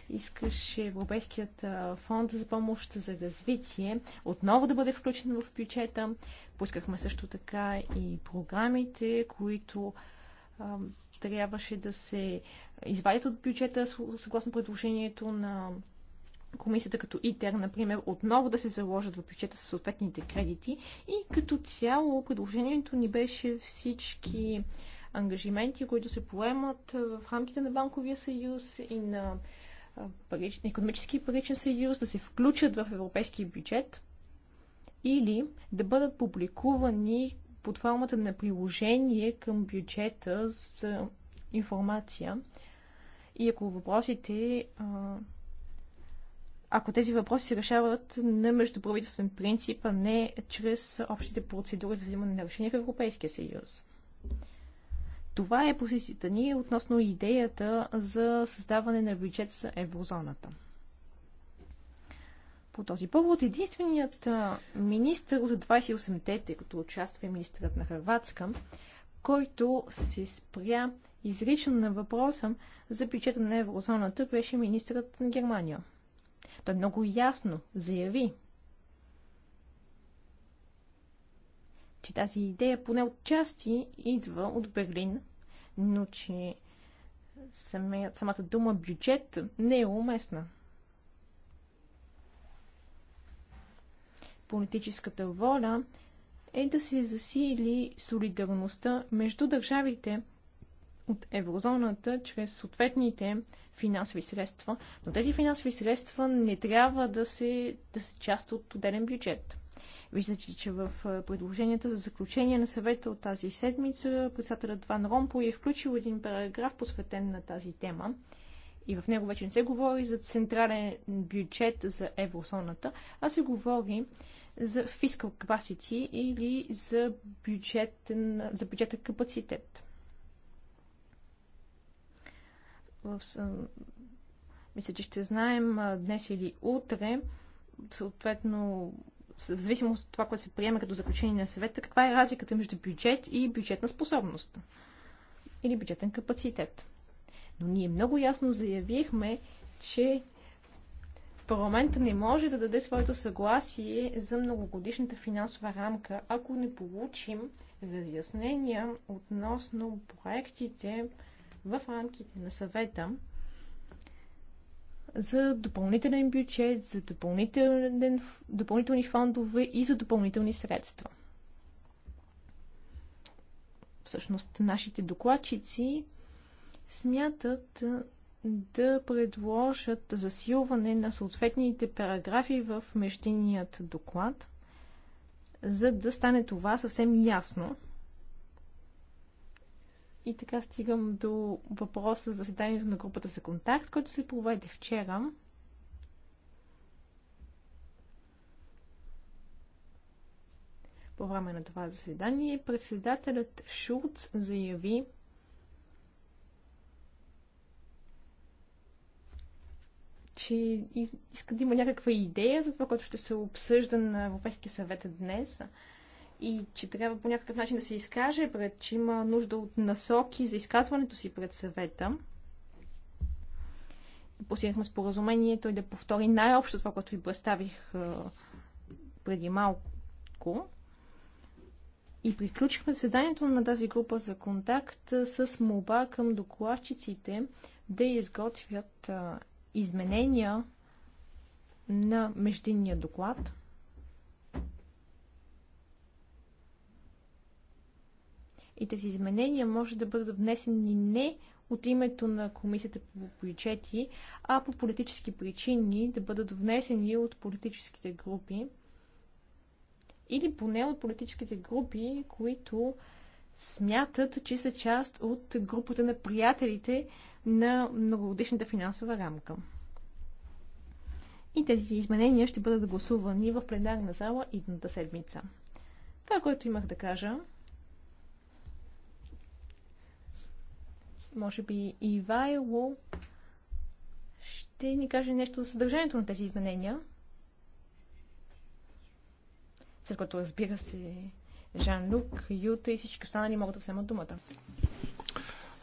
искаше Европейският фонд за помощ за развитие отново да бъде включен в бюджета. Пускахме също така и програмите, които а, трябваше да се извадят от бюджета съгласно предложението на комисията като ИТЕР, например, отново да се заложат в бюджета със съответните кредити и като цяло предложението ни беше всички ангажименти, които се поемат в рамките на Банковия съюз и на економически паричен съюз, да се включат в европейския бюджет или да бъдат публикувани под формата на приложение към бюджета за информация. И ако въпросите ако тези въпроси се решават на междуправителствен принцип, а не чрез общите процедури за взимане на решения в Европейския съюз. Това е позицията ни относно идеята за създаване на бюджет за еврозоната. По този повод единственият министр от 28-те, тъй като участва и министърът на Хрватска, който се спря изрично на въпроса за бюджета на еврозоната, беше министърът на Германия. Той много ясно заяви, че тази идея поне от части идва от Берлин, но че самата дума бюджет не е уместна. Политическата воля е да се засили солидарността между държавите от еврозоната чрез съответните финансови средства, но тези финансови средства не трябва да, се, да са част от отделен бюджет. Виждате, че в предложенията за заключение на съвета от тази седмица председателят Ван Ромпо е включил един параграф, посветен на тази тема. И в него вече не се говори за централен бюджет за еврозоната, а се говори за fiscal capacity или за, бюджетен, за бюджета капацитет. мисля, че ще знаем днес или утре, съответно в зависимост от това, което се приема като заключение на съвета, каква е разликата между бюджет и бюджетна способност или бюджетен капацитет. Но ние много ясно заявихме, че парламента не може да даде своето съгласие за многогодишната финансова рамка, ако не получим разяснения относно проектите в рамките на съвета, за допълнителен бюджет, за допълнителен, допълнителни фондове и за допълнителни средства. Всъщност, нашите докладчици смятат да предложат засилване на съответните параграфи в междинният доклад, за да стане това съвсем ясно и така стигам до въпроса за заседанието на групата за контакт, който се проведе вчера. По време на това заседание председателят Шурц заяви, че иска да има някаква идея за това, което ще се обсъжда на Европейския съвет днес и че трябва по някакъв начин да се изкаже пред, че има нужда от насоки за изказването си пред съвета. Постигнахме споразумение той да повтори най-общо това, което ви представих преди малко. И приключихме заседанието на тази група за контакт с молба към докладчиците да изготвят изменения на междинния доклад – и тези изменения може да бъдат внесени не от името на Комисията по бюджети, а по политически причини да бъдат внесени от политическите групи или поне от политическите групи, които смятат, че са част от групата на приятелите на многогодишната финансова рамка. И тези изменения ще бъдат гласувани в пленарна зала идната седмица. Това, което имах да кажа, може би Ивайло ще ни каже нещо за съдържанието на тези изменения. След което разбира се Жан Люк, Юта и всички останали могат да вземат думата.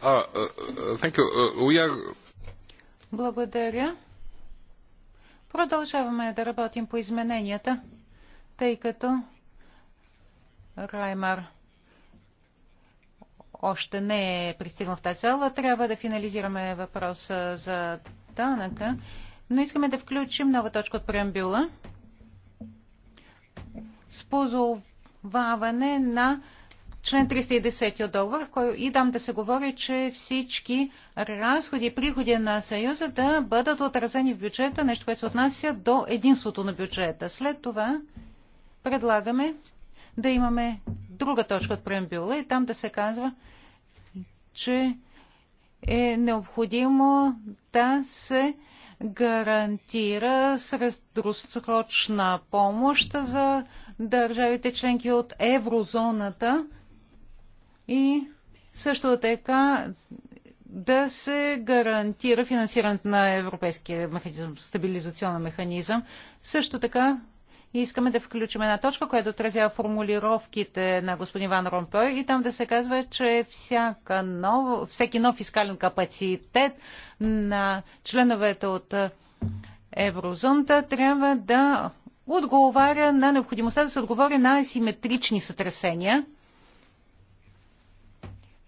Uh, uh, uh, are... Благодаря. Продължаваме да работим по измененията, тъй като Раймар още не е пристигнал в тази зала. Трябва да финализираме въпроса за данъка, но искаме да включим нова точка от преамбюла с позоваване на член 310 от договор, в който и дам да се говори, че всички разходи и приходи на Съюза да бъдат отразени в бюджета, нещо, което се отнася до единството на бюджета. След това предлагаме да имаме друга точка от преамбюла и там да се казва, че е необходимо да се гарантира средносрочна помощ за държавите членки от еврозоната и също така да се гарантира финансирането на Европейския механизъм, стабилизационен механизъм. Също така и искаме да включим една точка, която отразява формулировките на господин Ван Ромпой и там да се казва, че всяка нов, всеки нов фискален капацитет на членовете от еврозоната трябва да отговаря на необходимостта да се отговори на асиметрични сътресения.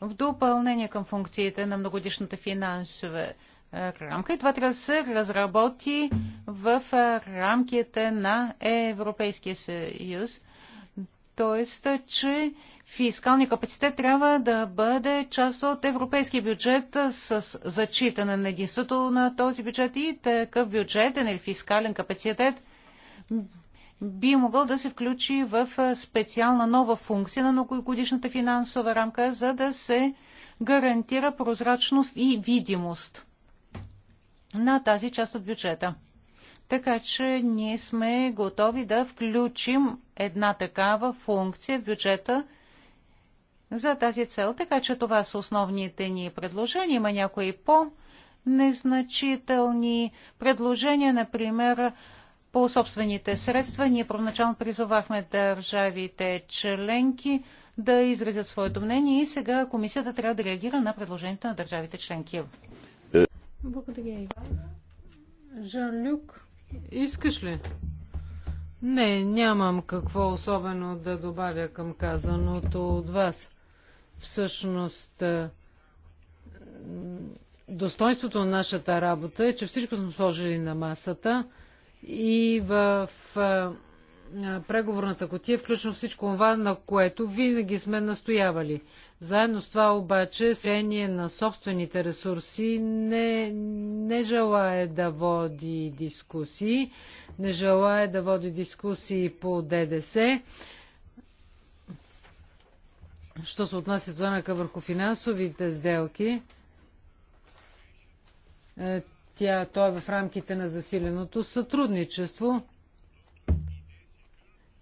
В допълнение към функциите на многодишната финансова е, рамка и това трябва да се разработи в е, рамките на Европейския съюз. Тоест, е, че фискалния капацитет трябва да бъде част от европейския бюджет с зачитане на единството на този бюджет и такъв бюджетен или фискален капацитет би могъл да се включи в специална нова функция на многогодишната финансова рамка, за да се гарантира прозрачност и видимост на тази част от бюджета. Така че ние сме готови да включим една такава функция в бюджета за тази цел. Така че това са основните ни предложения. Има някои по-незначителни предложения, например по собствените средства. Ние първоначално призовахме държавите членки да изразят своето мнение и сега комисията трябва да реагира на предложенията на държавите членки. Благодаря, Иван. Жан-Люк, искаш ли? Не, нямам какво особено да добавя към казаното от вас. Всъщност, е, достоинството на нашата работа е, че всичко сме сложили на масата и в е, преговорната котия включва всичко това, на което винаги сме настоявали. Заедно с това обаче, сение на собствените ресурси не, не желая да води дискусии, не желая да води дискусии по ДДС. Що се отнася до данъка върху финансовите сделки, е, тя, той е в рамките на засиленото сътрудничество –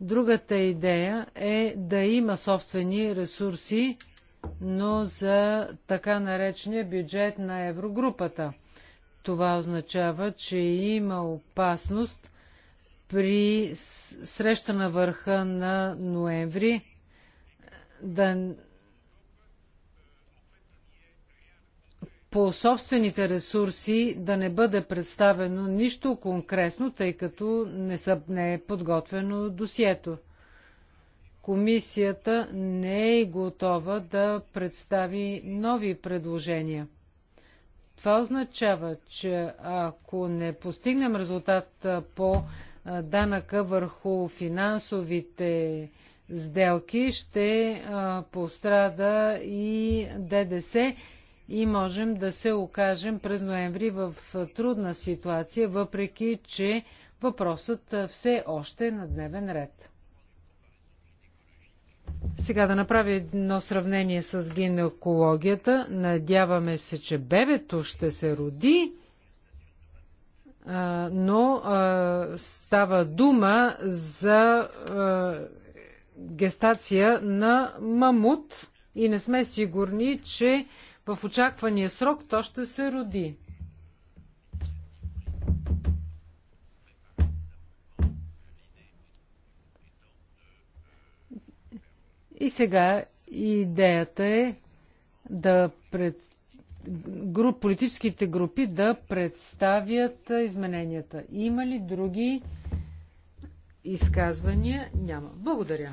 Другата идея е да има собствени ресурси, но за така наречения бюджет на еврогрупата. Това означава, че има опасност при среща на върха на ноември да по собствените ресурси да не бъде представено нищо конкретно, тъй като не, са, не е подготвено досието. Комисията не е готова да представи нови предложения. Това означава, че ако не постигнем резултат по данъка върху финансовите сделки, ще пострада и ДДС и можем да се окажем през ноември в трудна ситуация, въпреки че въпросът все още е на дневен ред. Сега да направя едно сравнение с гинекологията. Надяваме се, че бебето ще се роди, но става дума за гестация на мамут и не сме сигурни, че в очаквания срок то ще се роди. И сега идеята е да пред... груп, политическите групи да представят измененията. Има ли други изказвания? Няма. Благодаря.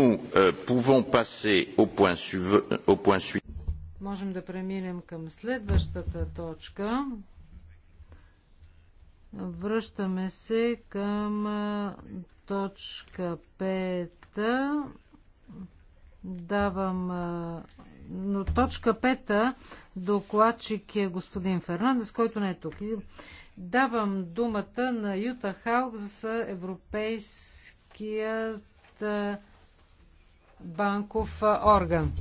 Nous euh, pouvons passer au point, suivant. Можем да преминем към следващата точка. Връщаме се към точка 5. Давам. Но точка 5 докладчик е господин Фернандес, който не е тук. Давам думата на Юта Халк за Европейският банков орган.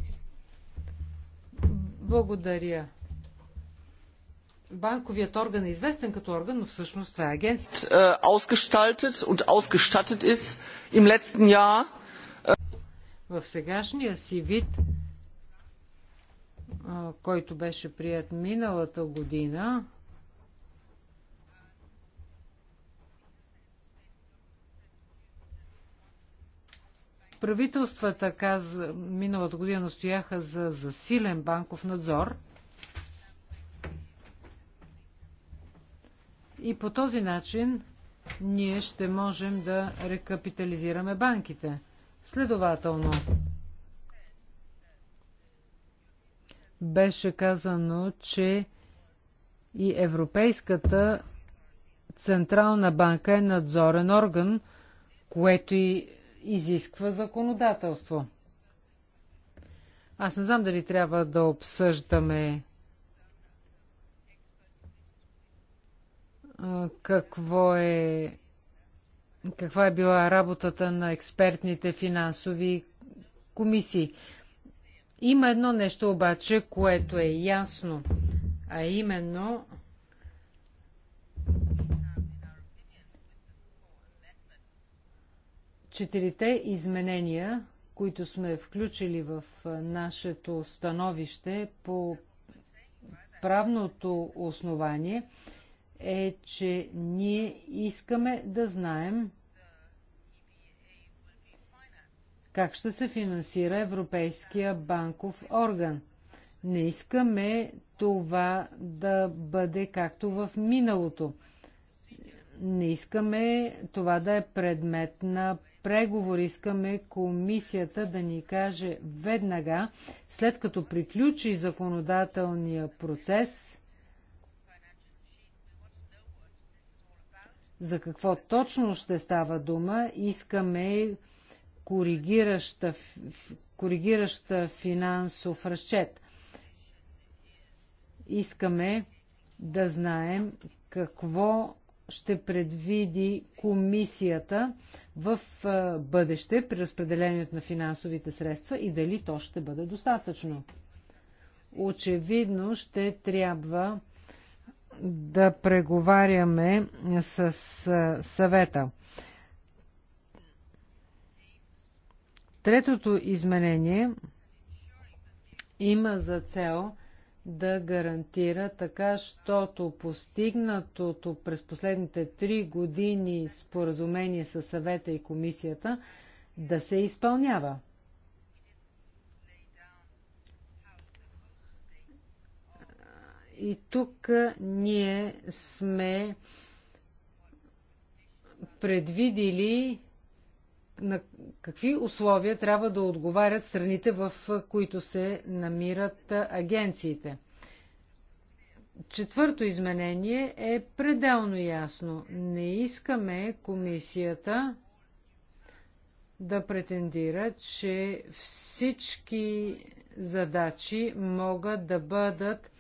Благодаря. Банковият орган е известен като орган, но всъщност това е агенция. Е, ausgestaltet und ausgestattet ist im letzten Jahr. В сегашния си вид, който беше прият миналата година, Правителствата каз, миналата година настояха за засилен банков надзор. И по този начин ние ще можем да рекапитализираме банките. Следователно, беше казано, че и Европейската Централна банка е надзорен орган, което и изисква законодателство. Аз не знам дали трябва да обсъждаме какво е, каква е била работата на експертните финансови комисии. Има едно нещо обаче, което е ясно, а именно четирите изменения, които сме включили в нашето становище по правното основание, е, че ние искаме да знаем как ще се финансира Европейския банков орган. Не искаме това да бъде както в миналото. Не искаме това да е предмет на преговор искаме комисията да ни каже веднага, след като приключи законодателния процес, за какво точно ще става дума. Искаме коригираща, коригираща финансов разчет. Искаме да знаем какво ще предвиди комисията в бъдеще при разпределението на финансовите средства и дали то ще бъде достатъчно. Очевидно ще трябва да преговаряме с съвета. Третото изменение има за цел да гарантира така, щото постигнатото през последните три години споразумение с съвета и комисията да се изпълнява. И тук ние сме предвидили на какви условия трябва да отговарят страните, в които се намират агенциите. Четвърто изменение е пределно ясно. Не искаме комисията да претендира, че всички задачи могат да бъдат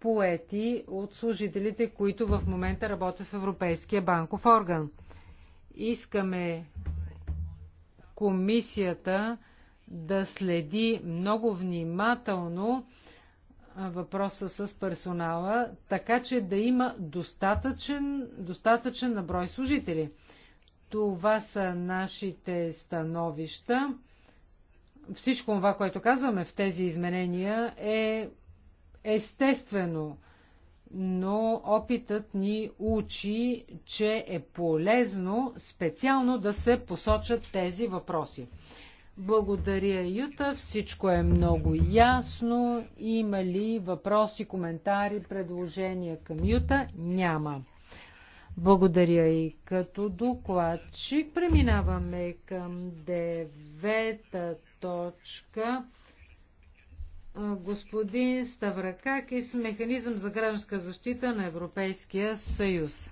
поети от служителите, които в момента работят в Европейския банков орган. Искаме комисията да следи много внимателно въпроса с персонала, така че да има достатъчен, достатъчен наброй служители. Това са нашите становища. Всичко това, което казваме в тези изменения е естествено но опитът ни учи, че е полезно специално да се посочат тези въпроси. Благодаря, Юта. Всичко е много ясно. Има ли въпроси, коментари, предложения към Юта? Няма. Благодаря и като докладчик. Преминаваме към девета точка господин Ставракакис, механизъм за гражданска защита на Европейския съюз.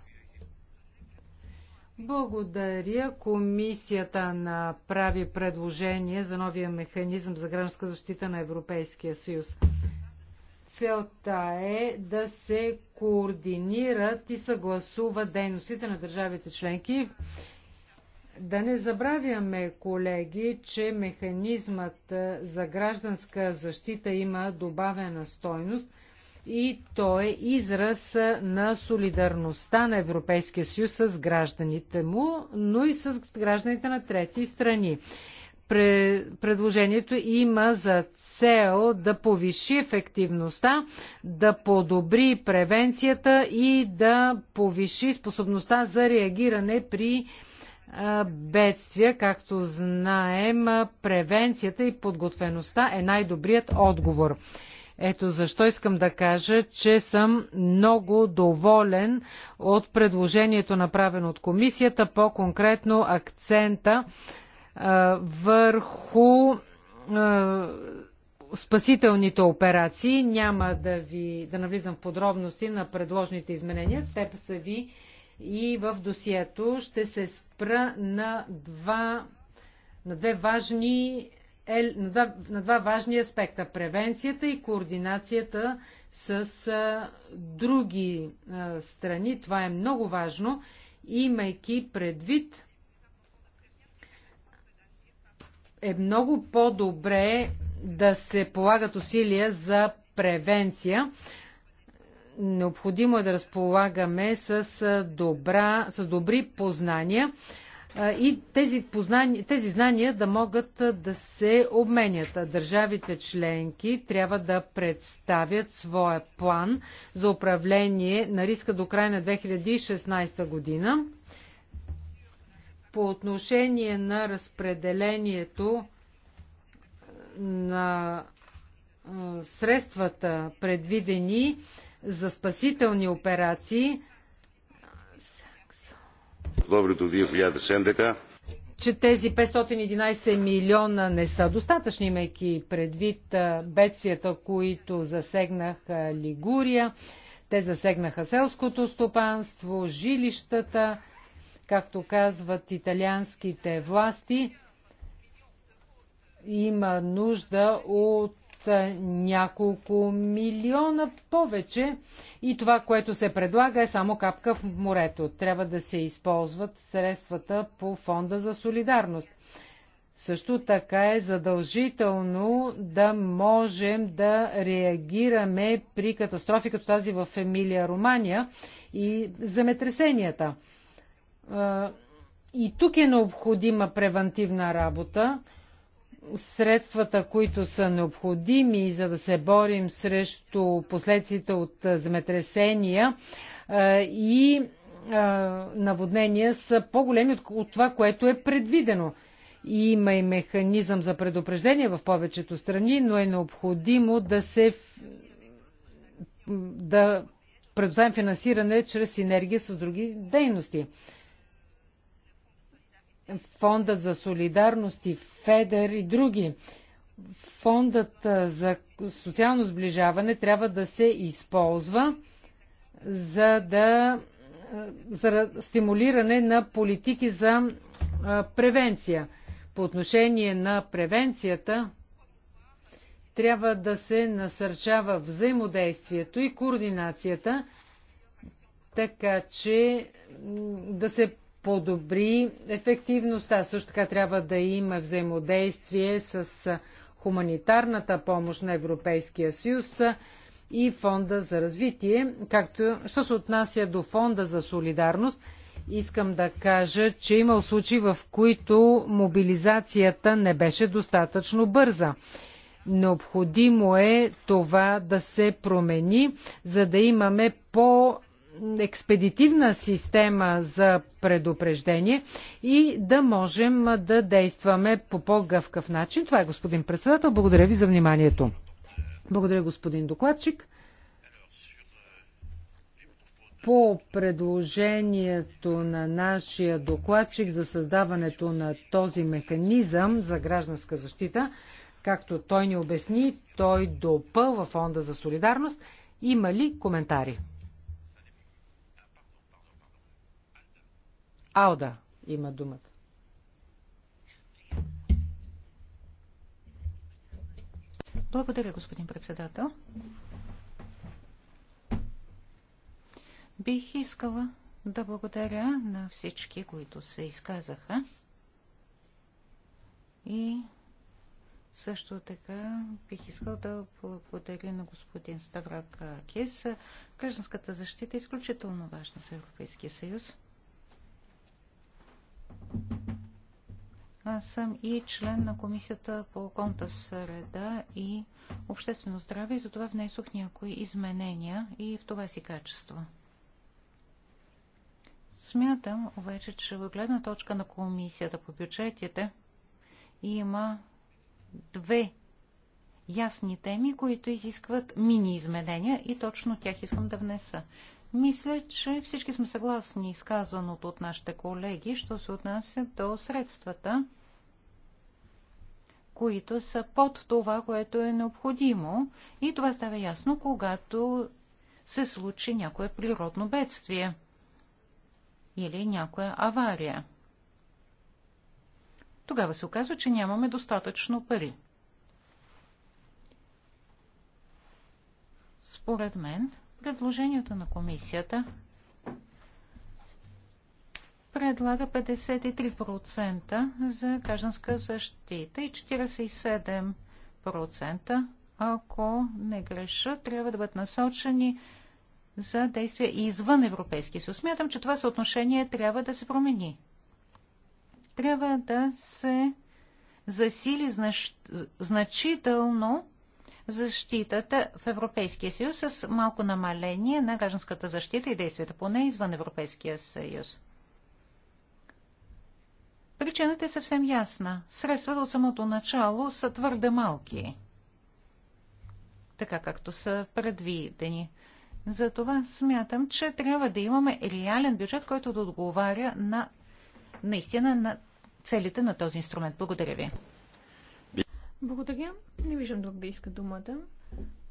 Благодаря. Комисията направи предложение за новия механизъм за гражданска защита на Европейския съюз. Целта е да се координират и съгласуват дейностите на държавите членки да не забравяме, колеги, че механизмът за гражданска защита има добавена стойност и то е израз на солидарността на Европейския съюз с гражданите му, но и с гражданите на трети страни. Предложението има за цел да повиши ефективността, да подобри превенцията и да повиши способността за реагиране при бедствия, както знаем, превенцията и подготвеността е най-добрият отговор. Ето защо искам да кажа, че съм много доволен от предложението направено от комисията, по-конкретно акцента а, върху а, спасителните операции. Няма да ви да навлизам в подробности на предложените изменения. Те са ви и в досието ще се спра на два, на две важни на, два, на два важни аспекта превенцията и координацията с а, други а, страни. Това е много важно, имайки предвид е много по-добре да се полагат усилия за превенция, необходимо е да разполагаме с, добра, с добри познания и тези, познания, тези знания да могат да се обменят. Държавите членки трябва да представят своя план за управление на риска до края на 2016 година. По отношение на разпределението на средствата, предвидени за спасителни операции, че тези 511 милиона не са достатъчни, имайки предвид бедствията, които засегнаха Лигурия. Те засегнаха селското стопанство, жилищата, както казват италианските власти. Има нужда от няколко милиона повече и това, което се предлага е само капка в морето. Трябва да се използват средствата по фонда за солидарност. Също така е задължително да можем да реагираме при катастрофи като тази в Емилия Романия и земетресенията. И тук е необходима превентивна работа средствата, които са необходими, за да се борим срещу последствията от земетресения и наводнения са по-големи от това, което е предвидено. И има и механизъм за предупреждение в повечето страни, но е необходимо да се да предоставим финансиране чрез синергия с други дейности. Фондът за солидарност и ФЕДЕР и други. Фондът за социално сближаване трябва да се използва за да за стимулиране на политики за превенция. По отношение на превенцията, трябва да се насърчава взаимодействието и координацията, така че да се подобри ефективността. Също така трябва да има взаимодействие с хуманитарната помощ на Европейския съюз и фонда за развитие. Както, що се отнася до фонда за солидарност, искам да кажа, че имал случаи, в които мобилизацията не беше достатъчно бърза. Необходимо е това да се промени, за да имаме по експедитивна система за предупреждение и да можем да действаме по по-гъвкав начин. Това е господин председател. Благодаря ви за вниманието. Благодаря господин докладчик. По предложението на нашия докладчик за създаването на този механизъм за гражданска защита, както той ни обясни, той допълва фонда за солидарност. Има ли коментари? Алда има думата. Благодаря, господин председател. Бих искала да благодаря на всички, които се изказаха. И също така бих искал да благодаря на господин Ставрак Кис. Гражданската защита е изключително важна за Европейския съюз. Аз съм и член на Комисията по околната среда и обществено здраве и затова внесох някои изменения и в това си качество. Смятам обаче, че в гледна точка на Комисията по бюджетите има две ясни теми, които изискват мини изменения и точно тях искам да внеса. Мисля, че всички сме съгласни с казаното от нашите колеги, що се отнася до средствата, които са под това, което е необходимо. И това става ясно, когато се случи някое природно бедствие или някоя авария. Тогава се оказва, че нямаме достатъчно пари. Според мен, Предложението на комисията предлага 53% за гражданска защита и 47% ако не греша, трябва да бъдат насочени за действия извън Европейския съюз. Смятам, че това съотношение трябва да се промени. Трябва да се засили значително защитата в Европейския съюз с малко намаление на гражданската защита и действията по нея извън Европейския съюз. Причината е съвсем ясна. Средствата от самото начало са твърде малки, така както са предвидени. Затова смятам, че трябва да имаме реален бюджет, който да отговаря на наистина на целите на този инструмент. Благодаря ви. Благодаря. Не виждам друг да иска думата.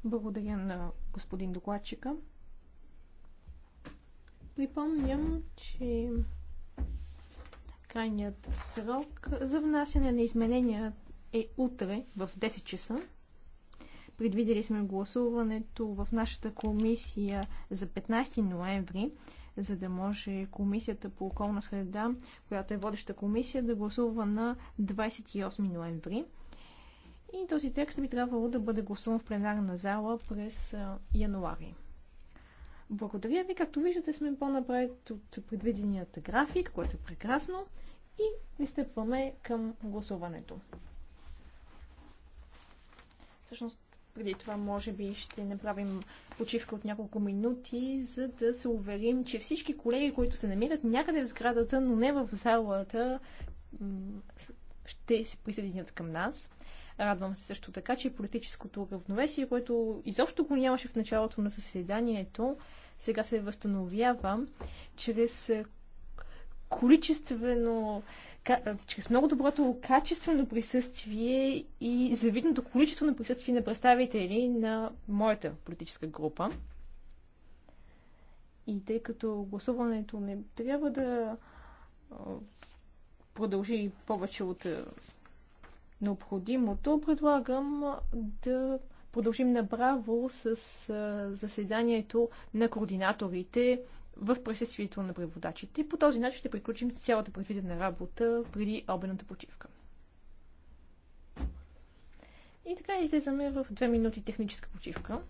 Благодаря на господин докладчика. Припомням, че крайният срок за внасяне на изменения е утре в 10 часа. Предвидели сме гласуването в нашата комисия за 15 ноември, за да може комисията по околна среда, която е водеща комисия, да гласува на 28 ноември. И този текст би трябвало да бъде гласуван в пленарна зала през януари. Благодаря ви. Както виждате, сме по-напред от предвиденият график, което е прекрасно. И пристъпваме към гласуването. Всъщност, преди това, може би, ще направим почивка от няколко минути, за да се уверим, че всички колеги, които се намират някъде в сградата, но не в залата, ще се присъединят към нас. Радвам се също така, че политическото равновесие, което изобщо го нямаше в началото на заседанието, сега се възстановява чрез е, количествено, е, чрез много доброто качествено присъствие и завидното количество на присъствие на представители на моята политическа група. И тъй като гласуването не трябва да е, продължи повече от необходимото, предлагам да продължим направо с заседанието на координаторите в присъствието на преводачите. По този начин ще приключим с цялата предвидена работа преди обедната почивка. И така излизаме в 2 минути техническа почивка.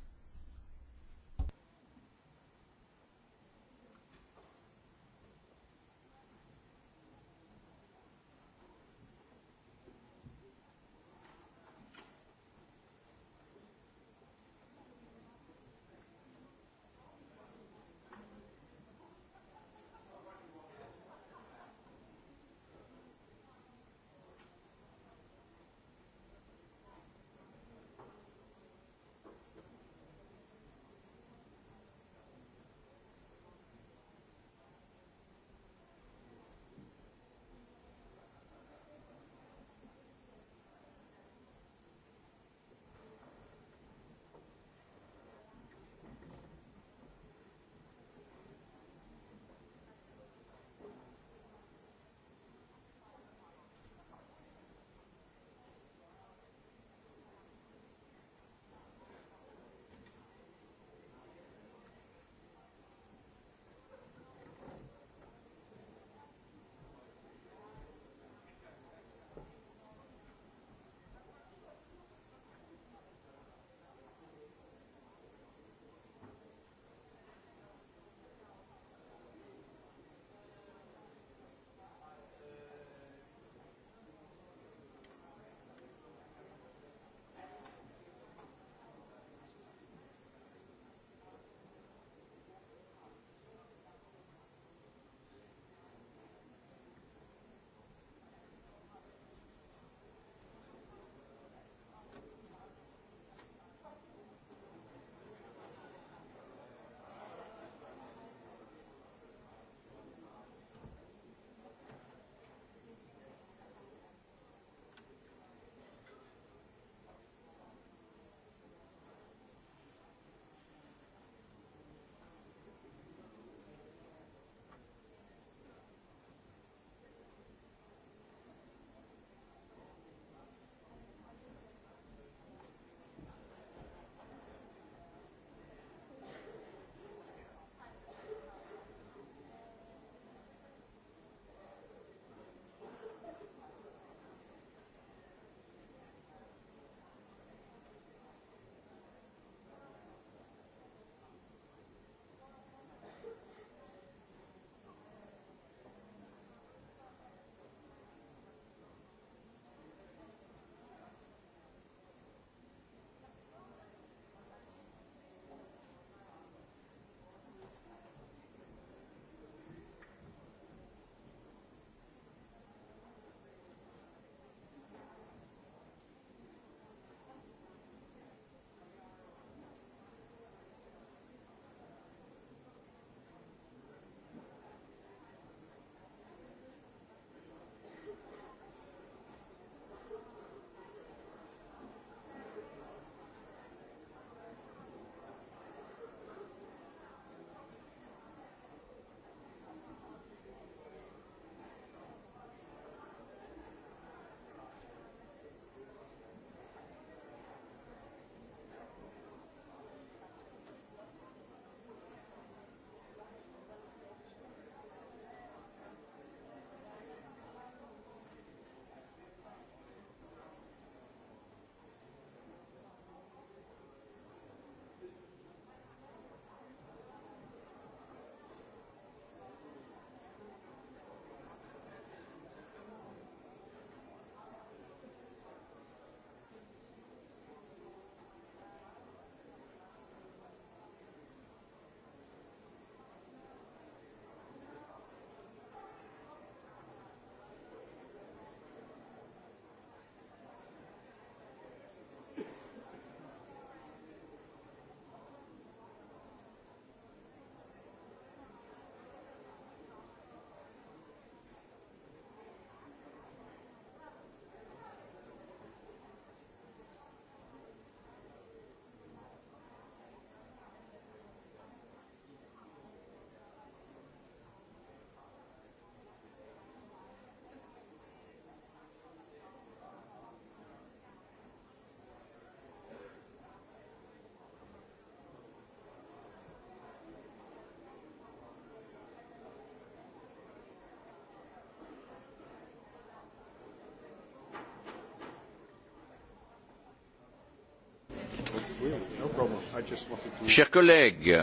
Chers collègues,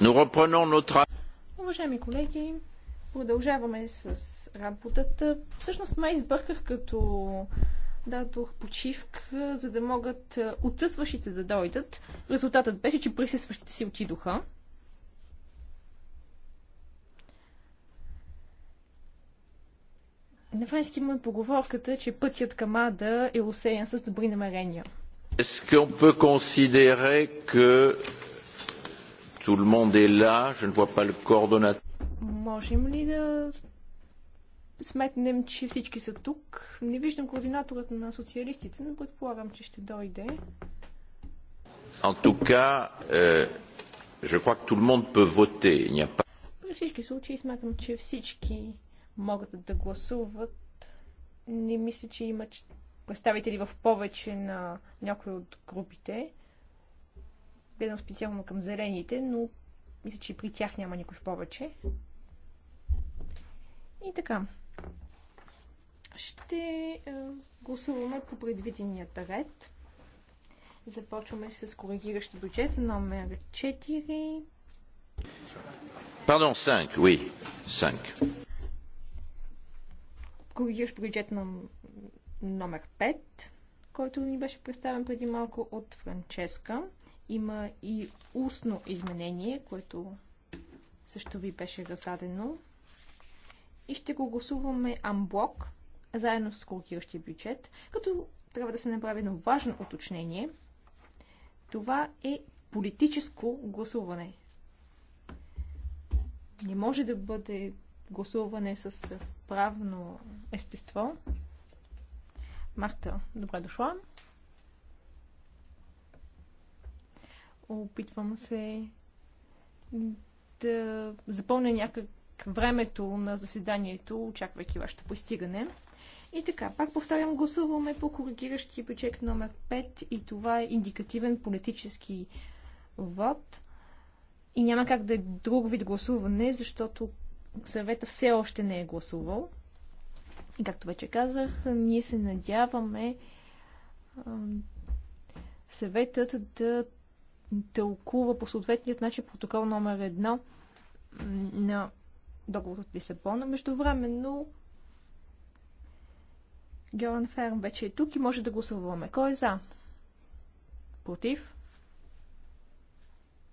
nous reprenons notre. Уважаеми колеги, продължаваме с работата. Всъщност май избърках като дадох почивка, за да могат отсъстващите да дойдат. Резултатът беше, че присъстващите си отидоха. На френски има поговорката, че пътят към ада е усеян с добри намерения. Est-ce qu'on peut considérer que tout le monde est là Je ne vois pas le coordonnateur. Можем ли да сметнем, че всички са тук? Не виждам координаторът на социалистите, но предполагам, че ще дойде. En tout cas, euh, je crois que tout le monde peut voter. Il n'y a pas... При всички случаи смятам, че всички могат да гласуват. Не мисля, че има представители в повече на някои от групите. Гледам специално към зелените, но мисля, че и при тях няма никой в повече. И така. Ще е, гласуваме по предвиденият ред. Започваме с коригиращ бюджет номер 4. Pardon, 5, oui, 5. Коригиращ бюджет на номер 5, който ни беше представен преди малко от Франческа. Има и устно изменение, което също ви беше раздадено. И ще го гласуваме амблок, заедно с колкиращия бюджет, като трябва да се направи едно важно уточнение. Това е политическо гласуване. Не може да бъде гласуване с правно естество, Марта, добре дошла. Опитвам се да запълня някак времето на заседанието, очаквайки вашето постигане. И така, пак повтарям, гласуваме по коригиращи бюджет номер 5 и това е индикативен политически вод. И няма как да е друг вид гласуване, защото съвета все още не е гласувал. И както вече казах, ние се надяваме съветът да тълкува по съответният начин протокол номер едно на договор от Лисабона. Междувременно Георан Ферм вече е тук и може да гласуваме. Кой е за? Против?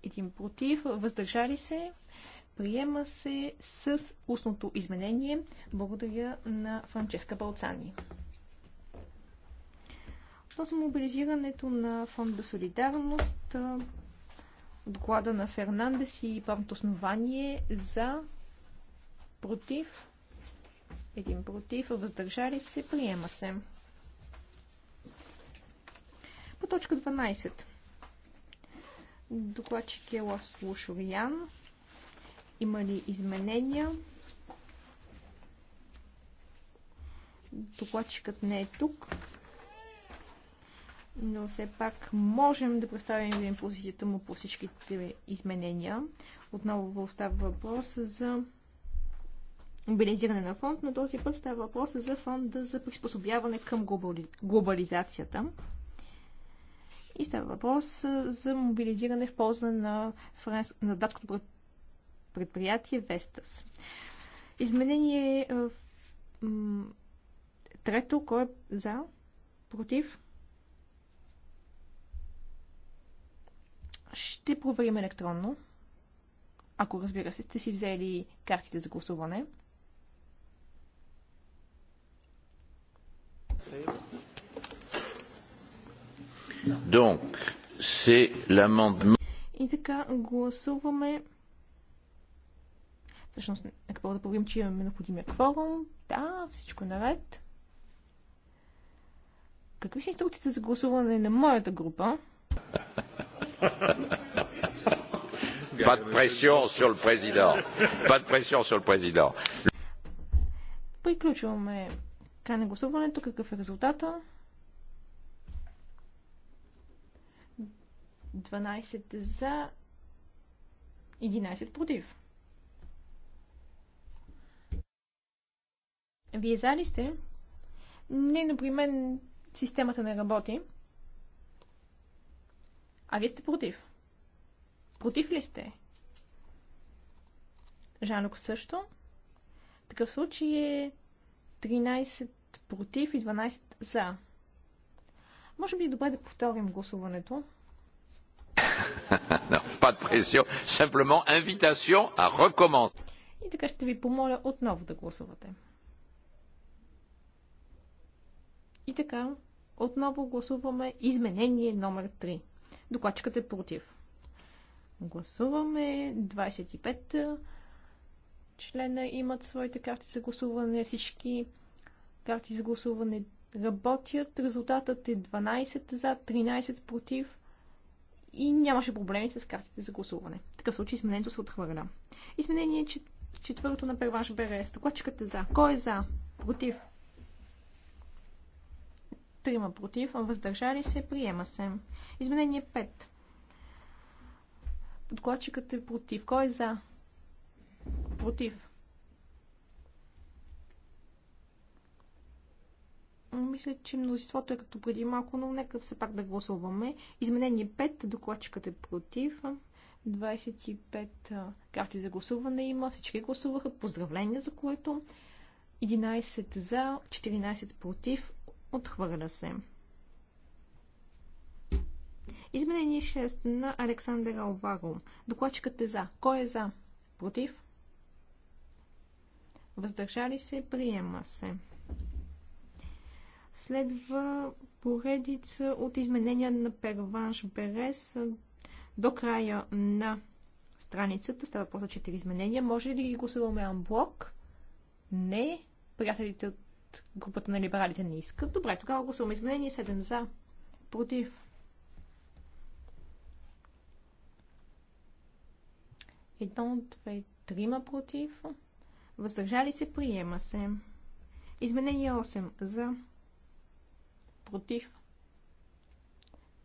Един против. Въздържали се? Приема се с устното изменение. Благодаря на Франческа Балцани. Относно мобилизирането на фонда Солидарност, доклада на Фернандес и правното основание за против един против, въздържали се, приема се. По точка 12. Докладчик е Лас Лушовиян. Има ли изменения? Докладчикът не е тук. Но все пак можем да представим позицията му по всичките изменения. Отново остава въпрос за мобилизиране на фонд, но този път става въпрос за фонда за приспособяване към глобализацията. И става въпрос за мобилизиране в полза на, франс... на датското предприятие Вестас. Изменение е, трето, кой е за? Против? Ще проверим електронно. Ако разбира се, сте си взели картите за гласуване. Donc, c'est l'amendement. И така гласуваме Всъщност, нека първо да проверим, че имаме необходимия кворум. Да, всичко е наред. Какви са инструкциите за гласуване на моята група? Pas de pression sur le président. Pas de pression sur le président. Приключваме край на гласуването. Какъв е резултата? 12 за, 11 против. Вие за ли сте? Не, например, системата не работи. А вие сте против. Против ли сте? Жанок също. В такъв случай е 13 против и 12 за. Може би е добре да повторим гласуването. Пад pas de pression, simplement invitation à recommencer. И така ще ви помоля отново да гласувате. И така, отново гласуваме изменение номер 3. Докладчикът е против. Гласуваме 25 члена имат своите карти за гласуване. Всички карти за гласуване работят. Резултатът е 12 за, 13 против и нямаше проблеми с картите за гласуване. В такъв случай изменението се отхвърля. Изменение четвърто на перванш БРС. Докладчикът е за. Кой е за? Против? 3 против, въздържали се, приема се. Изменение 5. Докладчикът е против. Кой е за? Против. Мисля, че мнозинството е като преди малко, но нека все пак да гласуваме. Изменение 5. Докладчикът е против. 25 карти за гласуване има. Всички гласуваха. Поздравления за което. 11 за, 14 против, Отхвърля се. Изменение 6 на Александър Алваро. Докладчикът е за. Кой е за? Против? Въздържали се? Приема се. Следва поредица от изменения на Перванш Берес до края на страницата. Става просто 4 изменения. Може ли да ги гласуваме анблок? Не. Приятелите от групата на либералите не искат. Добре, тогава гласуваме изменение 7 за. Против. Едно, две, трима против. Въздържали се, приема се. Изменение 8 за. Против.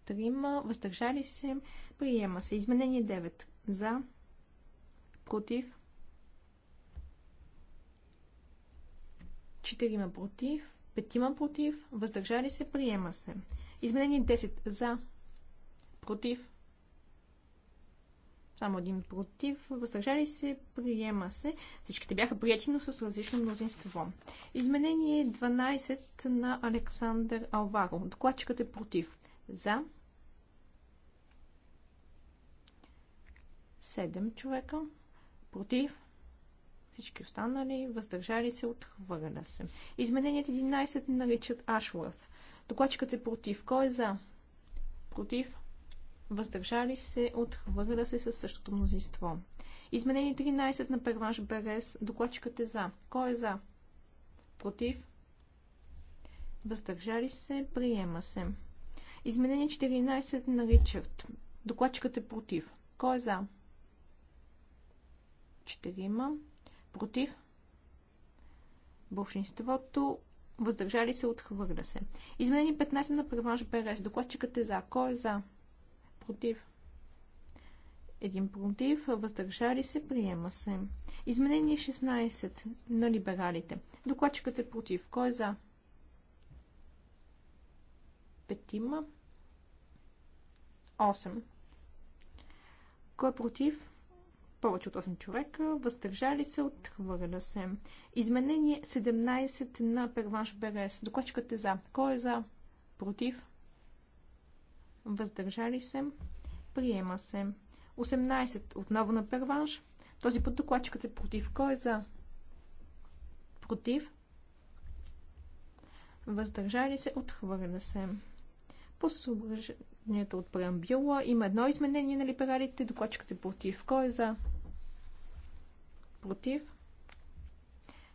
Трима, въздържали се, приема се. Изменение 9 за. Против 4 против, 5 против, въздържали се, приема се. Изменение 10 за, против, само един против, въздържали се, приема се. Всичките бяха прияти, но с различно мнозинство. Изменение 12 на Александър Алваро. Докладчикът е против. За 7 човека, против всички останали, въздържали се, отхвърля се. Измененият 11 на Ричард Докладчикът е против. Кой е за? Против. Въздържали се, отхвърля се със същото мнозинство. Изменение 13 на Перваш Берес. Докладчикът е за. Кой е за? Против. Въздържали се, приема се. Изменение 14 на Ричард. Докладчикът е против. Кой е за? Четирима против, бълшинството, въздържали се, отхвърля се. Изменени 15 на Първанш БРС. Докладчикът е за. Кой е за? Против. Един против, въздържали се, приема се. Изменение 16 на либералите. Докладчикът е против. Кой е за? Петима. 8. Кой е против? повече от 8 човека, въздържали се, отхвърля се. Изменение 17 на Перванш Берес. Докладчикът е за. Кой е за? Против? Въздържали се. Приема се. 18 отново на Перванш. Този път докладчикът е против. Кой е за? Против? Въздържали се, отхвърля се. По съображението от преамбюла има едно изменение на либералите, докладчикът е против. Кой е за? против,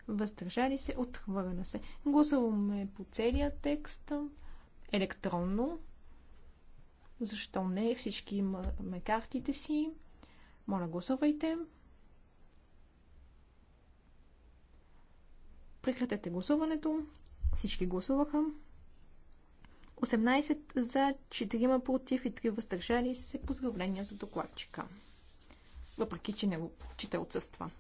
въздържали се, отхвърля се. Гласуваме по целия текст електронно. Защо не? Всички имаме картите си. Моля, гласувайте. Прекратете гласуването. Всички гласуваха. 18 за, 4 против и 3 въздържали се. Поздравления за докладчика. Въпреки, че не го чета отсъства.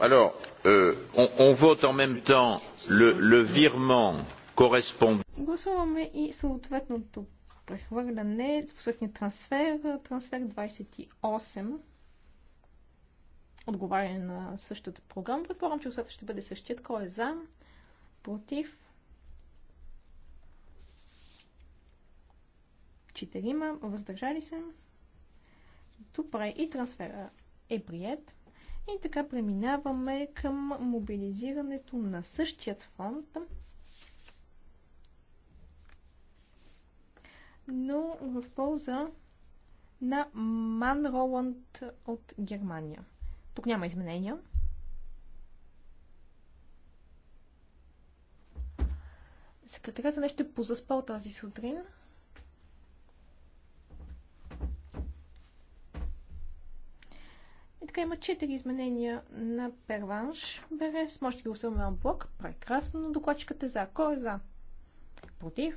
alors, euh, on, vote en même temps le, virement correspondant. Гласуваме и съответното прехвърляне, съответния трансфер, трансфер 28, отговаря на същата програма. Предполагам, че остатък ще бъде същият. Кой е за? Против? Четирима. Въздържали се? Добре. И трансфера е прият. И така преминаваме към мобилизирането на същият фонд, но в полза на Ман Роланд от Германия. Тук няма изменения. Секретарята нещо е позаспал тази сутрин. така има четири изменения на перванш. БРС. Можете да ги обсъдим на блок. Прекрасно. Докладчиката е за. Кой е за? Против?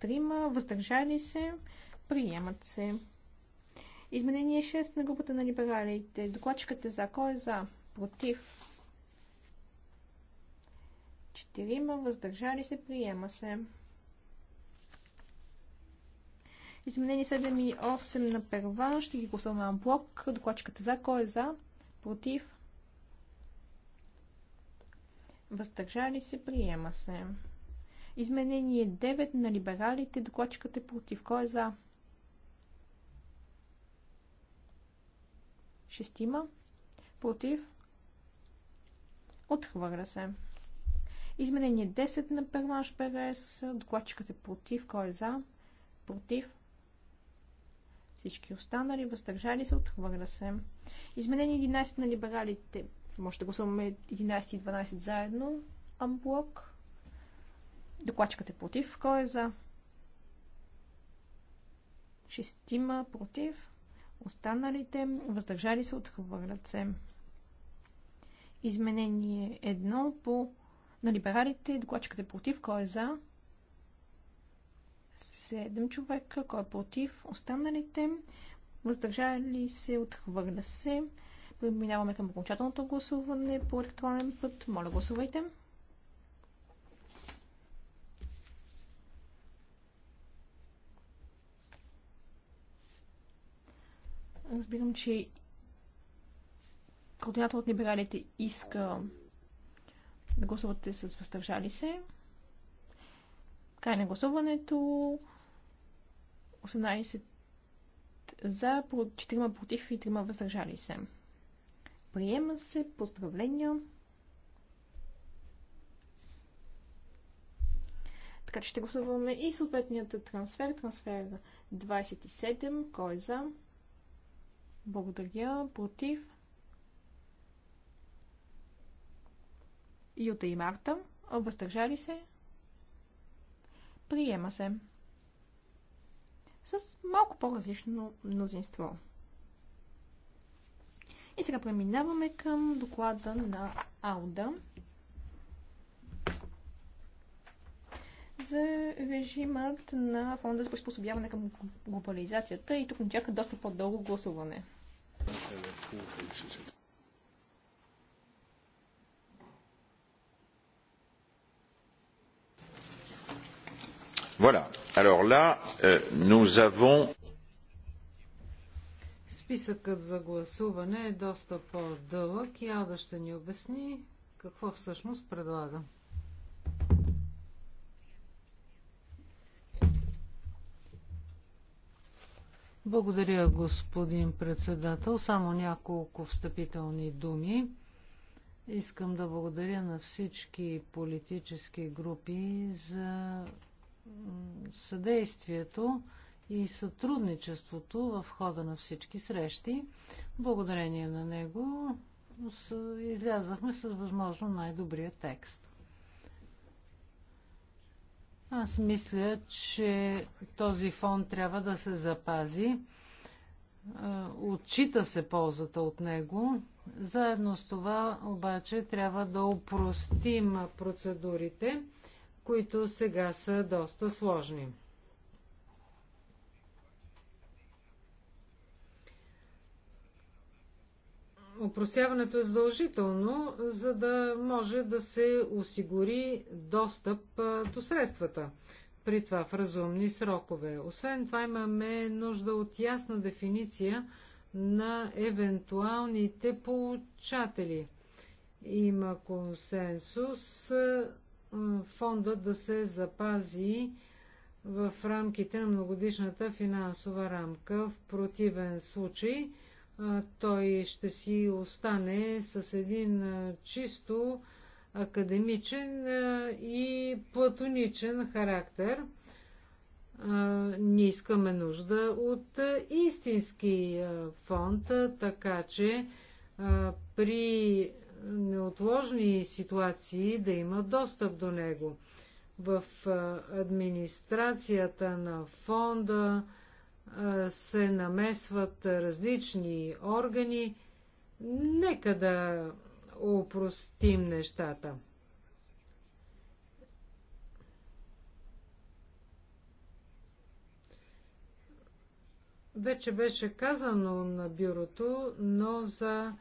Трима. Въздържали се. Приемат се. Изменение 6 на групата на либералите. Докладчиката е за. Кой е за? Против? Четирима. Въздържали се. Приема се. Изменени 7 и 8 на перван. Ще ги гласуваме на блок. Докладчиката за. Кой е за? Против? Въздържали се. Приема се. Изменение 9 на либералите. Докладчиката е против. Кой е за? Шестима. Против. Отхвърля се. Изменение 10 на Пермаш ПРС. Докладчикът е против. Кой е за? Против всички останали, въздържали се, отхвърля се. Изменени 11 на либералите. Може да гласуваме 11 и 12 заедно. Амблок. Докладчикът е против. Кой е за? Шестима против. Останалите въздържали се, отхвърлят се. Изменение 1 по на либералите. Докладчикът е против. Кой е за? 7 човека, кой е против останалите, въздържали се, отхвърля се. Преминаваме към окончателното гласуване по електронен път. Моля, гласувайте. Разбирам, че координатор от либералите иска да гласувате с въздържали се. Край на гласуването. 18 за, 4 против и 3 въздържали се. Приема се. Поздравления. Така че ще гласуваме и съответният трансфер. Трансфер 27. Кой е за? Благодаря. Против. Юта и Марта. Въздържали се? Приема се. С малко по-различно мнозинство. И сега преминаваме към доклада на Ауда за режимът на фонда за приспособяване към глобализацията и тук ни чака доста по-дълго гласуване. Voilà. Alors là, euh, nous avons. Списъкът за гласуване е доста по-дълъг и Алда ще ни обясни какво всъщност предлага. Благодаря, господин председател. Само няколко встъпителни думи. Искам да благодаря на всички политически групи за съдействието и сътрудничеството в хода на всички срещи. Благодарение на него излязахме с възможно най-добрия текст. Аз мисля, че този фон трябва да се запази. Е, отчита се ползата от него. Заедно с това обаче трябва да упростим процедурите които сега са доста сложни. Опростяването е задължително, за да може да се осигури достъп до средствата, при това в разумни срокове. Освен това имаме нужда от ясна дефиниция на евентуалните получатели. Има консенсус фонда да се запази в рамките на многодишната финансова рамка. В противен случай той ще си остане с един чисто академичен и платоничен характер. Ние искаме нужда от истински фонд, така че при неотложни ситуации да имат достъп до него. В администрацията на фонда се намесват различни органи. Нека да упростим нещата. Вече беше казано на бюрото, но за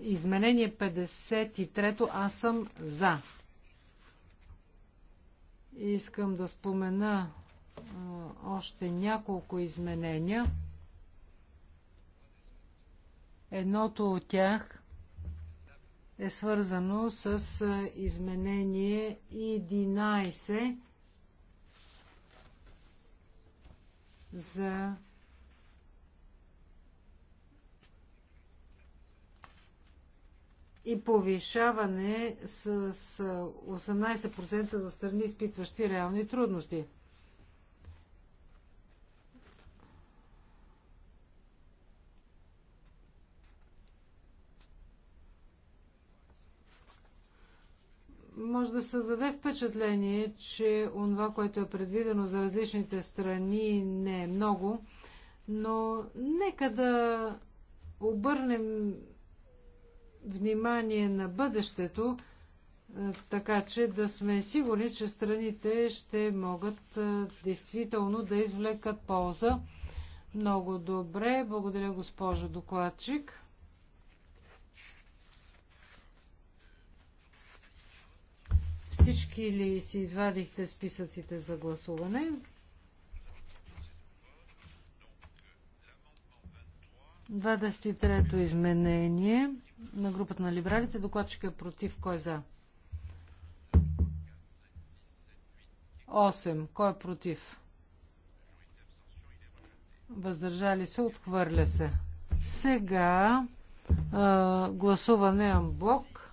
изменение 53 аз съм за. Искам да спомена още няколко изменения. Едното от тях е свързано с изменение 11 за и повишаване с 18% за страни, изпитващи реални трудности. може да създаде впечатление, че онова, което е предвидено за различните страни, не е много, но нека да обърнем внимание на бъдещето, е, така че да сме сигурни, че страните ще могат е, действително да извлекат полза. Много добре. Благодаря, госпожо докладчик. Всички ли си извадихте списъците за гласуване? Двадесет трето изменение на групата на либералите. Докладчика е против. Кой е за? 8. Кой е против? Въздържали се, отхвърля се. Сега а, гласуване амблок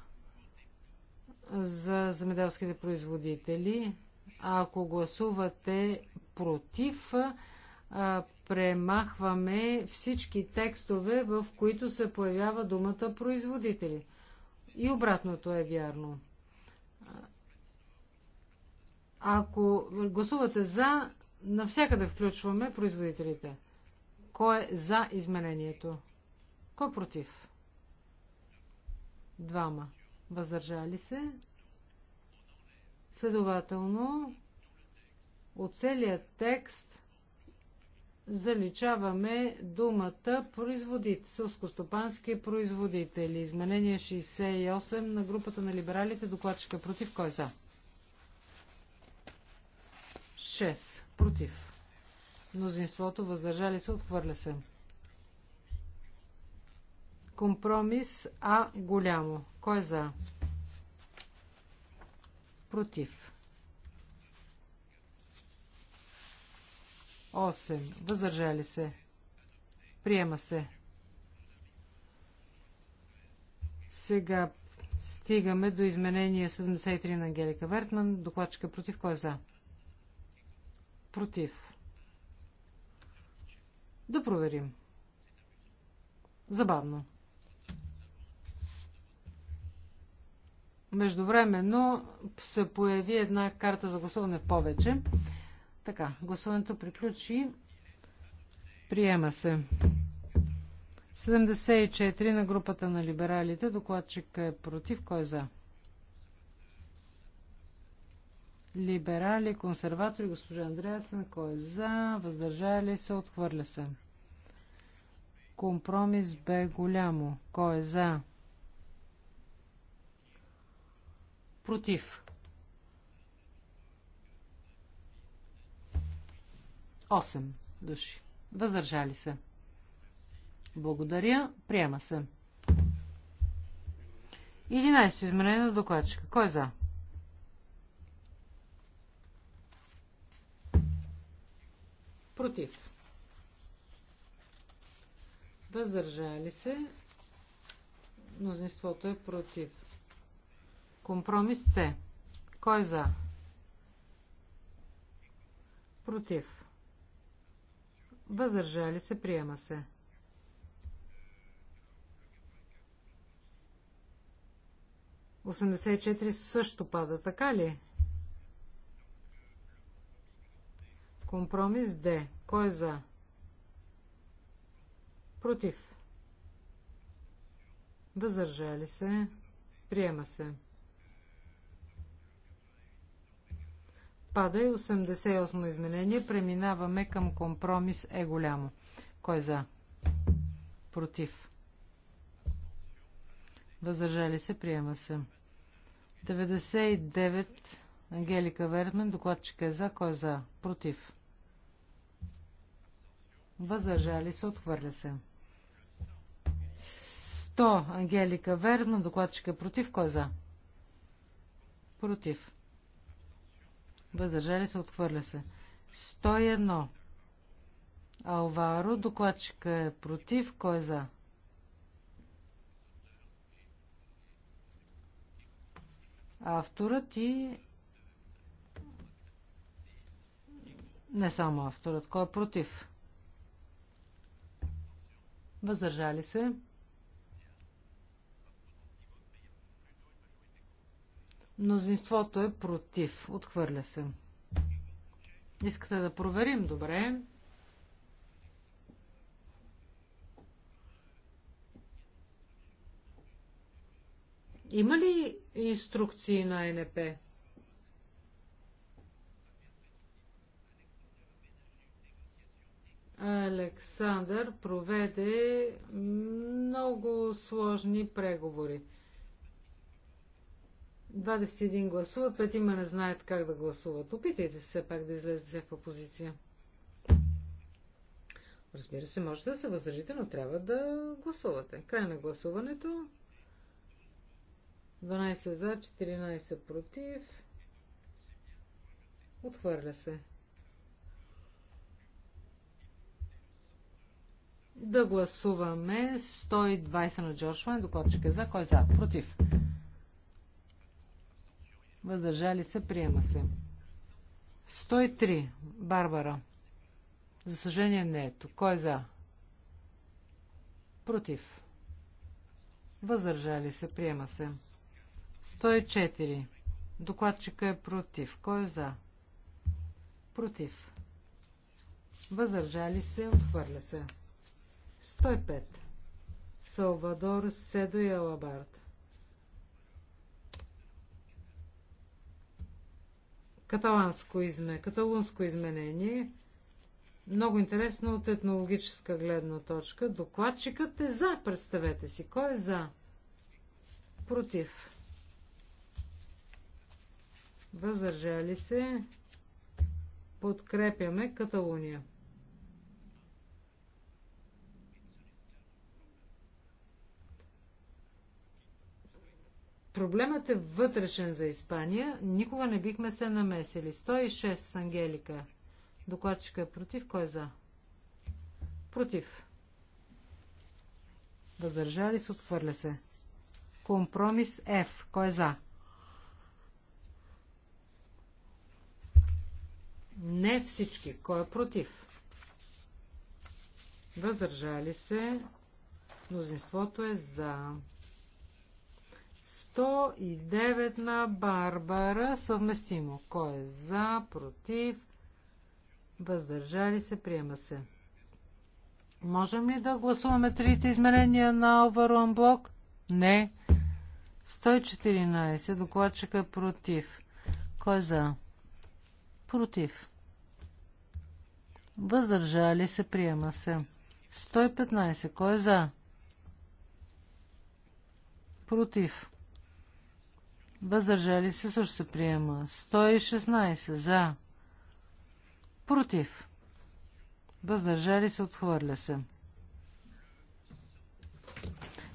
за земеделските производители. А ако гласувате против, а, премахваме всички текстове, в които се появява думата производители. И обратното е вярно. Ако гласувате за, навсякъде включваме производителите. Кой е за изменението? Кой е против? Двама. Въздържали се? Следователно, от целият текст заличаваме думата производит, сълскостопански производители. Изменение 68 на групата на либералите. Докладчика против. Кой е за? 6. Против. Мнозинството въздържали се. Отхвърля се. Компромис А голямо. Кой е за? Против. 8. Въздържали се. Приема се. Сега стигаме до изменение 73 на Ангелика Вертман. Докладчика против. Кой е за? Против. Да проверим. Забавно. Междувременно се появи една карта за гласуване повече. Така, гласуването приключи. Приема се. 74 на групата на либералите. Докладчик е против. Кой е за? Либерали, консерватори, госпожа Андреасен. Кой е за? Въздържали се? Отхвърля се. Компромис бе голямо. Кой е за? Против. 8 души. Въздържали се. Благодаря. Приема се. 11 изменение на докладчика. Кой е за? Против. Въздържали се. Мнозинството е против. Компромис С. Кой е за? Против. Въздържали се, приема се. Осемдесет четири също пада, така ли? Компромис Д. Кой е за? Против. Въздържали се. Приема се. пада и 88 изменение. Преминаваме към компромис е голямо. Кой е за? Против. Въздържали се, приема се. 99 Ангелика Вертмен, докладчик е за, кой е за? Против. Въздържали се, отхвърля се. 100 Ангелика Вертмен, докладчик е против, кой е за? Против. Въздържали се, отхвърля се. 101. Алваро, докладчика е против, кой е за? Авторът и... Не само авторът, кой е против? Въздържали се. Мнозинството е против. Отхвърля се. Искате да проверим? Добре. Има ли инструкции на НП? Александър проведе много сложни преговори. 21 гласуват, Пет има не знаят как да гласуват. Опитайте се все пак да излезете в позиция. Разбира се, можете да се въздържите, но трябва да гласувате. Край на гласуването. 12 за, 14 против. Отхвърля се. Да гласуваме 120 на Джордж Вайн, докато е за. Кой е за? Против. Въздържали се. Приема се. 103. Барбара. За съжаление не е тук. Кой е за? Против. Въздържали се. Приема се. 104. Докладчика е против. Кой е за? Против. Въздържали се. Отхвърля се. 105. Салвадор Седо и Алабард. каталанско изме, каталунско изменение. Много интересно от етнологическа гледна точка. Докладчикът е за, представете си. Кой е за? Против. Въздържали се. Подкрепяме Каталуния. Проблемът е вътрешен за Испания. Никога не бихме се намесили. 106 с Ангелика. Докладчика е против. Кой е за? Против. Въздържали се, отхвърля се. Компромис F. Кой е за? Не всички. Кой е против? Въздържали се. Мнозинството е за. 109 на Барбара. Съвместимо. Кой е за, против, въздържали се, приема се. Можем ли да гласуваме трите измерения на Оваро Блок? Не. 114. Докладчика е против. Кой е за? Против. Въздържали се, приема се. 115. Кой е за? Против. Въздържали се също се приема. 116 за. Против. Въздържали се отхвърля се.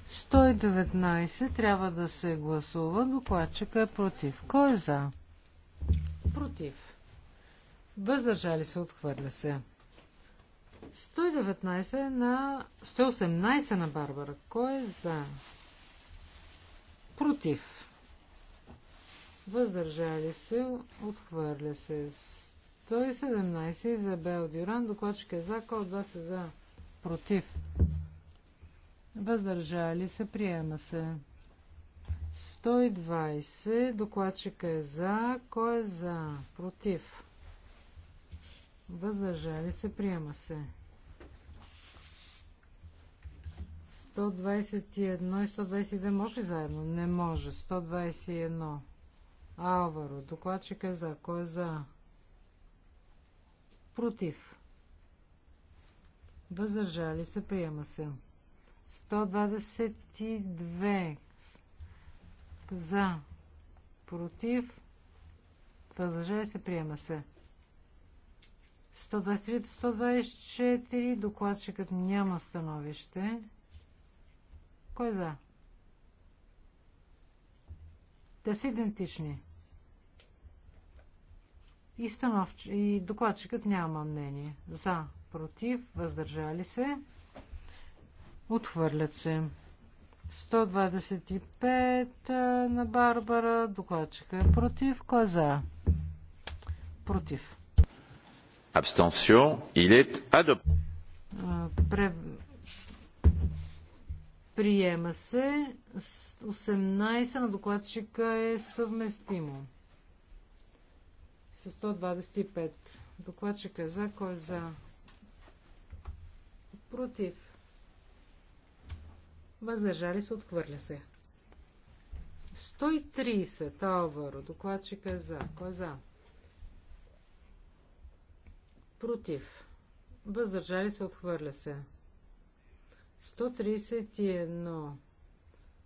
119 трябва да се гласува. Докладчика е против. Кой е за? Против. Въздържали се отхвърля се. 119 на 118 на Барбара. Кой е за? Против въздържали се, отхвърля се. 117 Изабел Дюран, докладчик е за, кой от вас е за? Против. Въздържали се, приема се. 120 докладчика е за, кой е за? Против. Въздържали се, приема се. 121 и 122 може ли заедно? Не може. 121. Алваро. Докладчик е за. Кой е за? Против. Въздържали се. Приема се. 122 за. Против. Въздържали се. Приема се. 123-124. Докладчикът няма становище. Кой е за? Те са идентични. И, становч... и докладчикът няма мнение. За, против, въздържали се. Отхвърлят се. 125 на Барбара. Докладчика е против. Кой е за? Против. Абстенсион. Il est adopté. Пре... Приема се. 18 на докладчика е съвместимо. Със 125. Докладчик е за, кой е за? Против. Въздържали се, отхвърля се. 130. Алваро. Докладчик е за. Кой е за? Против. Въздържали се, отхвърля се. 131.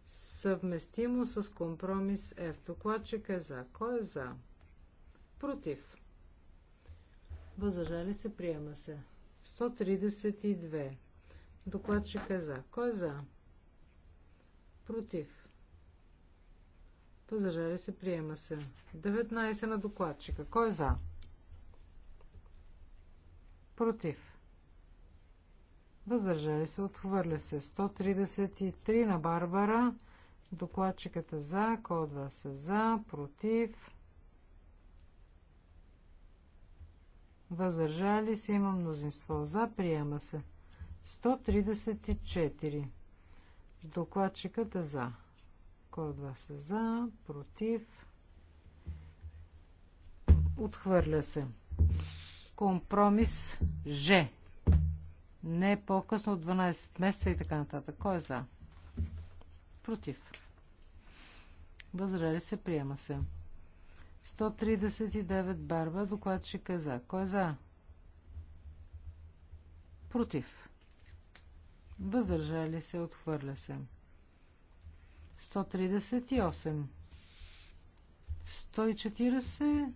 Съвместимо с компромис F. Докладчик е за. Кой е за? Против. Въздържали се, приема се. 132. Докладчик е за. Кой е за? Против. Въздържали се, приема се. 19 на докладчика. Кой е за? Против. Въздържали се, отхвърля се. 133 на Барбара. Докладчиката е за, кой от вас е за, против. Въздържали се има мнозинство. За приема се. 134. Докладчикът е за. Кой от вас е за? Против? Отхвърля се. Компромис Ж. Не по-късно от 12 месеца и така нататък. Кой е за? Против. Възражали се, приема се. 139 Барба, е за. Кой е за? Против. Въздържали се, отхвърля се. 138. 140.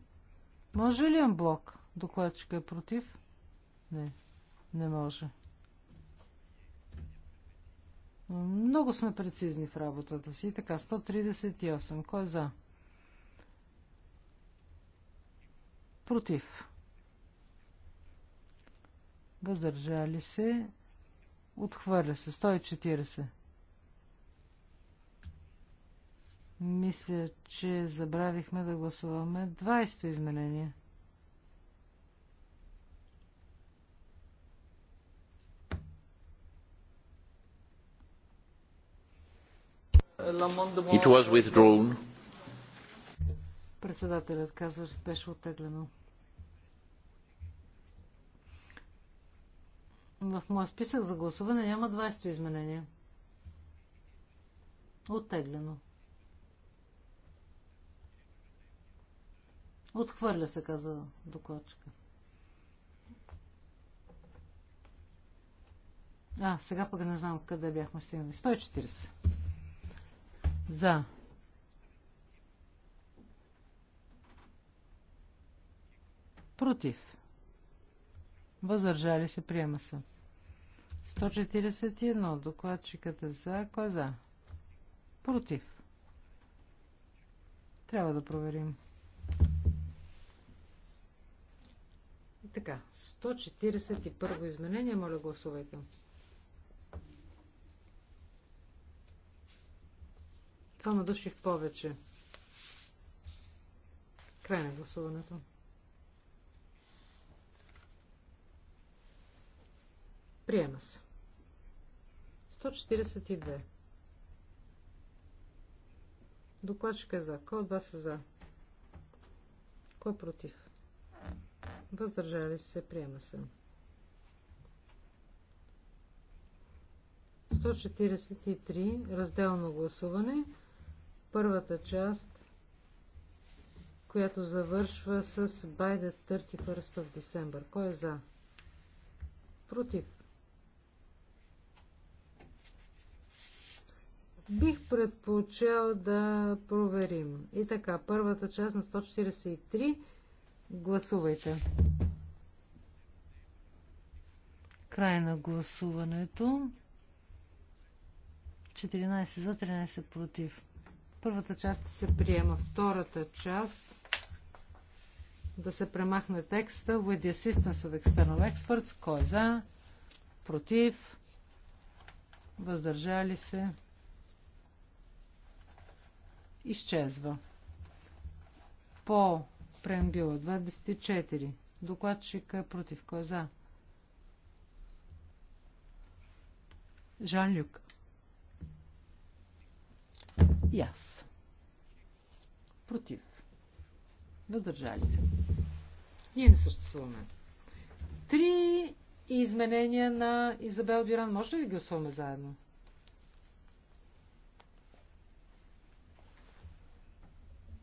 Може ли блок? Докладчика е против? Не, не може. Много сме прецизни в работата си. Така, 138. Кой е за? Против. Въздържали се. Отхвърля се. 140. Мисля, че забравихме да гласуваме 20-то изменение. It was withdrawn. Председателят казва, беше оттеглено. В моя списък за гласуване няма 20 изменения. Оттеглено. Отхвърля се, каза докладчика. А, сега пък не знам къде бяхме стигнали. 140. За. Против. Въздържали се, приема се. 141. Докладчикът е за. Кой е за? Против. Трябва да проверим. И така, 141 изменение, моля гласувайте. Двама души в повече. Край на гласуването. Приема се. 142. Докладчик е за. Кой от вас е за? Кой е против? Въздържали се. Приема се. 143. Разделно гласуване. Първата част, която завършва с By the 31st of December. Кой е за? Против. Бих предпочел да проверим. И така, първата част на 143. Гласувайте. Край на гласуването. 14 за, 13 против. Първата част се приема. Втората част да се премахне текста with the assistance of external experts. Кой е за? Против? Въздържали се? изчезва. По преамбила 24. Докладчика е против. Кой е за? Жан Люк. И аз. Против. Въздържали се. Ние не съществуваме. Три изменения на Изабел Дюран. Може ли да ги гласуваме заедно?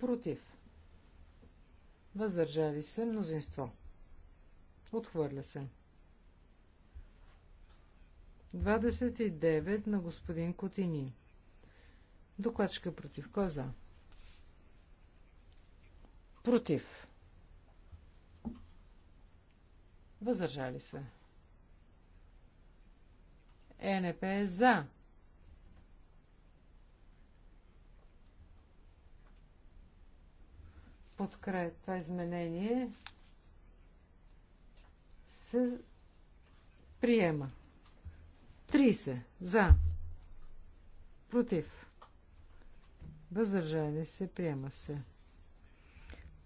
Против. Въздържали се мнозинство. Отхвърля се. 29 на господин Котини. Докладчика против. коза. Е за? Против. Въздържали се. ЕНП е за. подкреп, това изменение се приема. 30 за, против, въздържали се, приема се.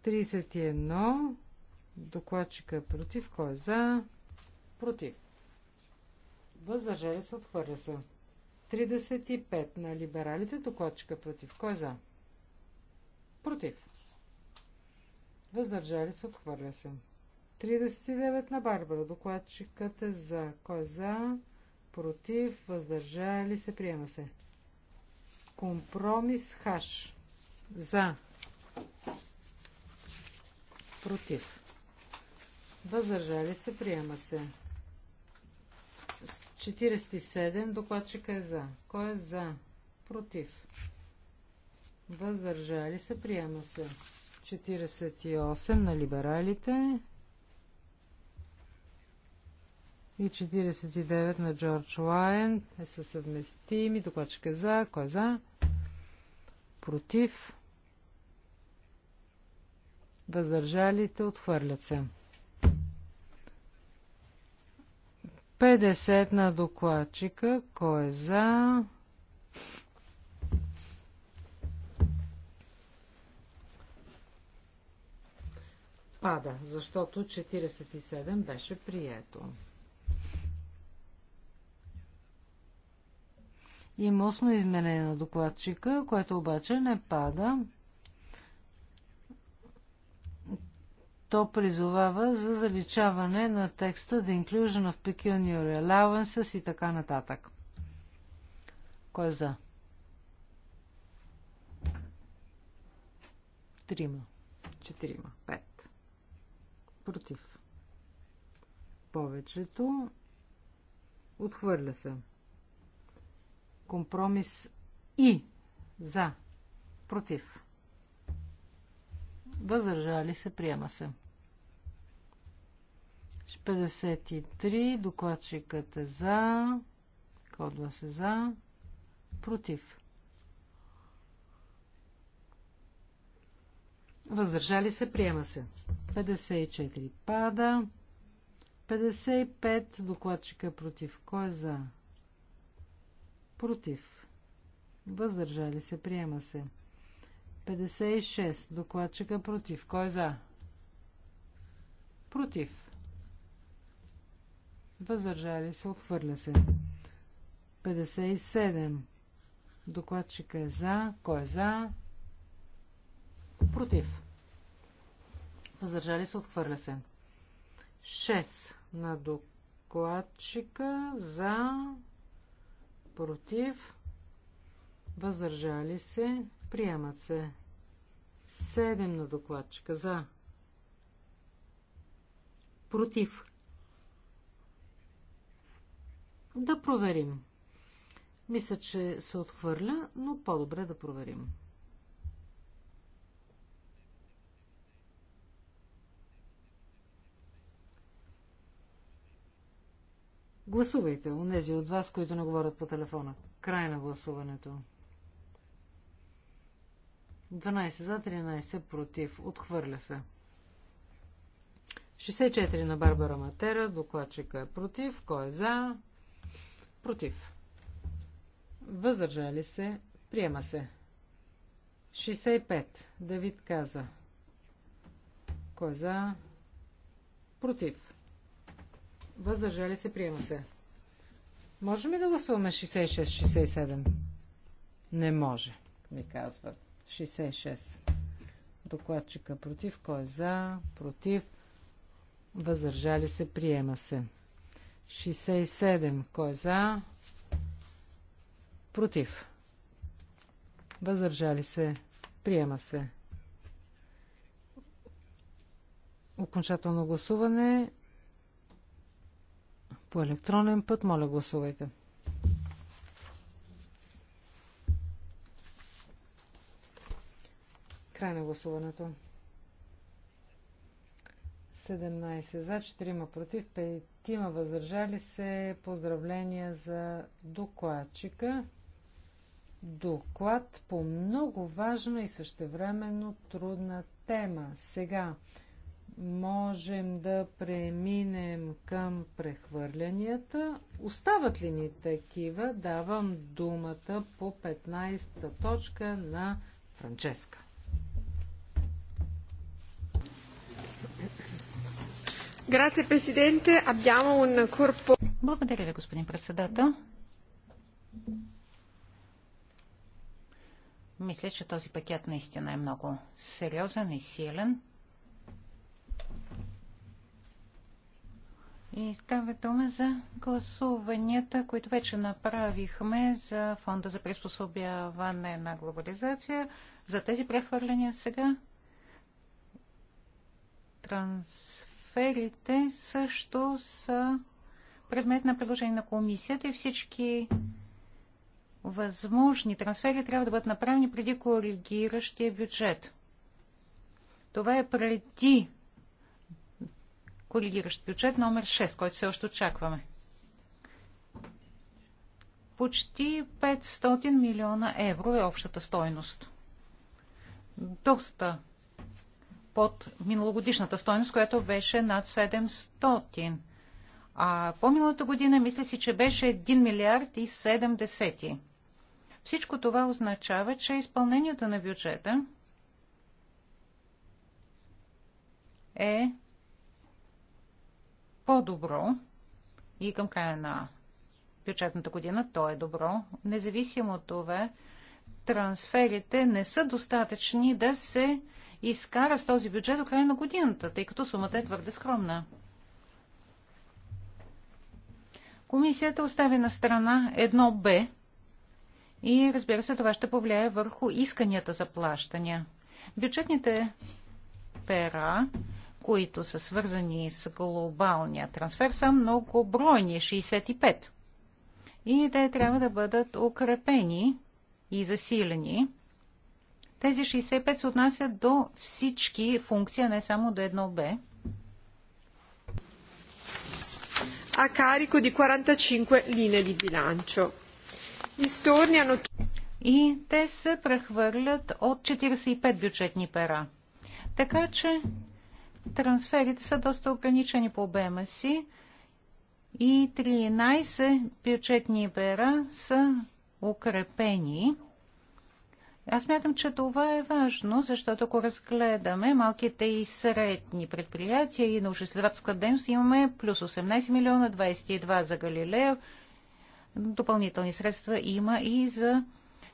31 докладчика е против, кой е за, против. Въздържали се, отхвърля се. 35 на либералите, докладчика е против, кой е за? Против. Въздържали се, отхвърля се. 39 на Барбара. Докладчикът е за. Кой е за? Против. Въздържали се. Приема се. Компромис хаш. За. Против. Въздържали се. Приема се. 47. Докладчика е за. Кой е за? Против. Въздържали се. Приема се. 48 на либералите и 49 на Джордж Лайен е със съвместими. Докладчик е за. Кой е за? Против. Въздържалите отхвърлят се. 50 на докладчика. Кой е за? отпада, защото 47 беше прието. Има осно изменение на докладчика, което обаче не пада. То призовава за заличаване на текста The Inclusion of Pecuniary Allowances и така нататък. Кой е за? Трима. Четирима. Пет. Против. Повечето. Отхвърля се. Компромис и. За. Против. Възражали се. Приема се. 53. Докладчикът е за. Кодва се за. Против. Въздържали се, приема се. 54 пада. 55 докладчика е против. Кой е за? Против. Въздържали се, приема се. 56 докладчика е против. Кой е за? Против. Въздържали се, отхвърля се. 57 докладчика е за. Кой е за? Против. Въздържали се, отхвърля се. 6 на докладчика за против. Въздържали се, приемат се. 7 на докладчика за против. Да проверим. Мисля, че се отхвърля, но по-добре да проверим. Гласувайте, унези от вас, които не говорят по телефона. Край на гласуването. 12 за, 13 против. Отхвърля се. 64 на Барбара Матера. Докладчика е против. Кой е за? Против. Въздържали се. Приема се. 65. Давид каза. Кой е за? Против. Въздържали се, приема се. Можем ли да гласуваме 66-67? Не може, ми казват. 66. Докладчика е против. Кой е за? Против. Въздържали се, приема се. 67. Кой е за? Против. Въздържали се, приема се. Окончателно гласуване по електронен път. Моля, гласувайте. Край на гласуването. 17 за, 4 против, 5 въздържали се. Поздравления за докладчика. Доклад по много важна и същевременно трудна тема. Сега можем да преминем към прехвърлянията. Остават ли ни такива? Давам думата по 15-та точка на Франческа. Благодаря ви, господин председател. Мисля, че този пакет наистина е много сериозен и силен. И става дума за гласуванията, които вече направихме за Фонда за приспособяване на глобализация, за тези прехвърляния сега. Трансферите също са предмет на предложение на комисията и всички възможни трансфери трябва да бъдат направени преди коригиращия бюджет. Това е преди коригиращ бюджет номер 6, който все още очакваме. Почти 500 милиона евро е общата стойност. Доста под миналогодишната стойност, която беше над 700. А по-миналата година, мисля си, че беше 1 милиард и 70. Всичко това означава, че изпълнението на бюджета е по-добро и към края на бюджетната година то е добро. Независимо от това, трансферите не са достатъчни да се изкара с този бюджет до края на годината, тъй като сумата е твърде скромна. Комисията остави на страна едно б и разбира се, това ще повлияе върху исканията за плащания. Бюджетните пера които са свързани с глобалния трансфер, са много бройни 65. И те трябва да бъдат укрепени и засилени. Тези 65 се отнасят до всички функции, не само до едно Б. A carico di 45 linee di bilancio. hanno. И те се прехвърлят от 45 бюджетни пера. Така че трансферите са доста ограничени по обема си и 13 бюджетни бера са укрепени. Аз мятам, че това е важно, защото ако разгледаме малките и средни предприятия и научно-изследователска дейност, имаме плюс 18 милиона, 22 за Галилео. допълнителни средства има и за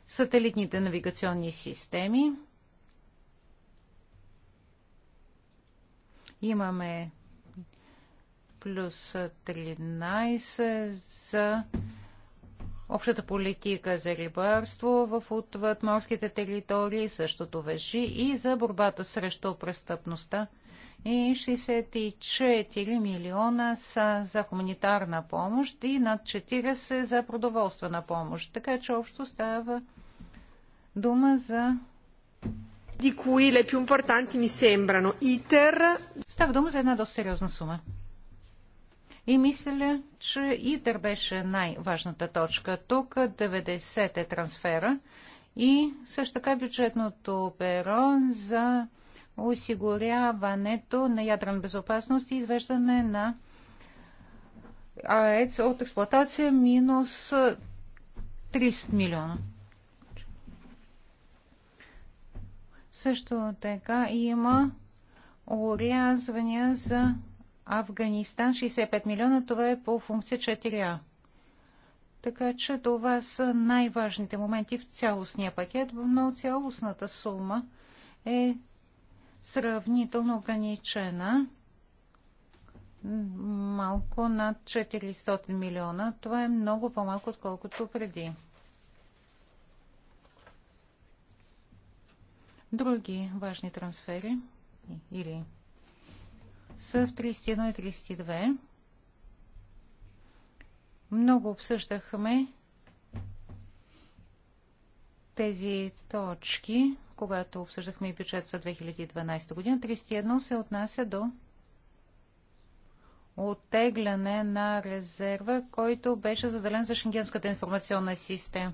сателитните навигационни системи. Имаме плюс 13 за общата политика за рибарство в отвъдморските територии. Същото вежи и за борбата срещу престъпността. И 64 милиона са за хуманитарна помощ и над 40 за продоволствена помощ. Така че общо става дума за Di cui le più importanti mi sembrano ITER. Става дума за една доста сериозна сума. И мисля, че ИТЕР беше най-важната точка. Тук 90 е трансфера и също така бюджетното перо за осигуряването на ядрен безопасност и извеждане на АЕЦ от експлуатация минус 30 милиона. Също така има урязвания за Афганистан 65 милиона. Това е по функция 4А. Така че това са най-важните моменти в цялостния пакет, но цялостната сума е сравнително ограничена. Малко над 400 милиона. Това е много по-малко, отколкото преди. Други важни трансфери или са в 31 и 32. Много обсъждахме тези точки, когато обсъждахме и бюджет за 2012 година. 31 се отнася до оттегляне на резерва, който беше заделен за Шенгенската информационна система.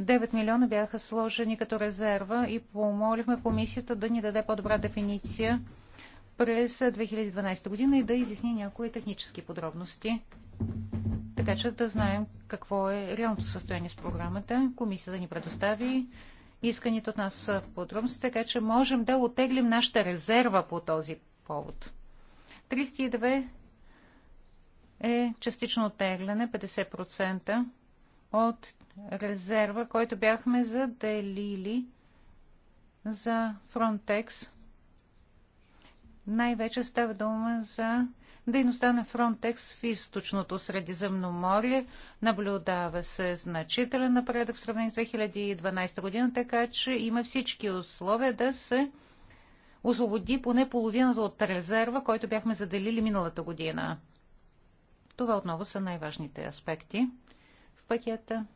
9 милиона бяха сложени като резерва и помолихме комисията да ни даде по-добра дефиниция през 2012 година и да изясни някои технически подробности, така че да знаем какво е реалното състояние с програмата. Комисията да ни предостави исканите от нас подробности, така че можем да отеглим нашата резерва по този повод. 32 е частично оттегляне, 50% от резерва, който бяхме заделили за Frontex. Най-вече става дума за дейността на Frontex в източното Средиземноморие. Наблюдава се значителен напредък в сравнение с 2012 година, така че има всички условия да се освободи поне половината от резерва, който бяхме заделили миналата година. Това отново са най-важните аспекти пакета.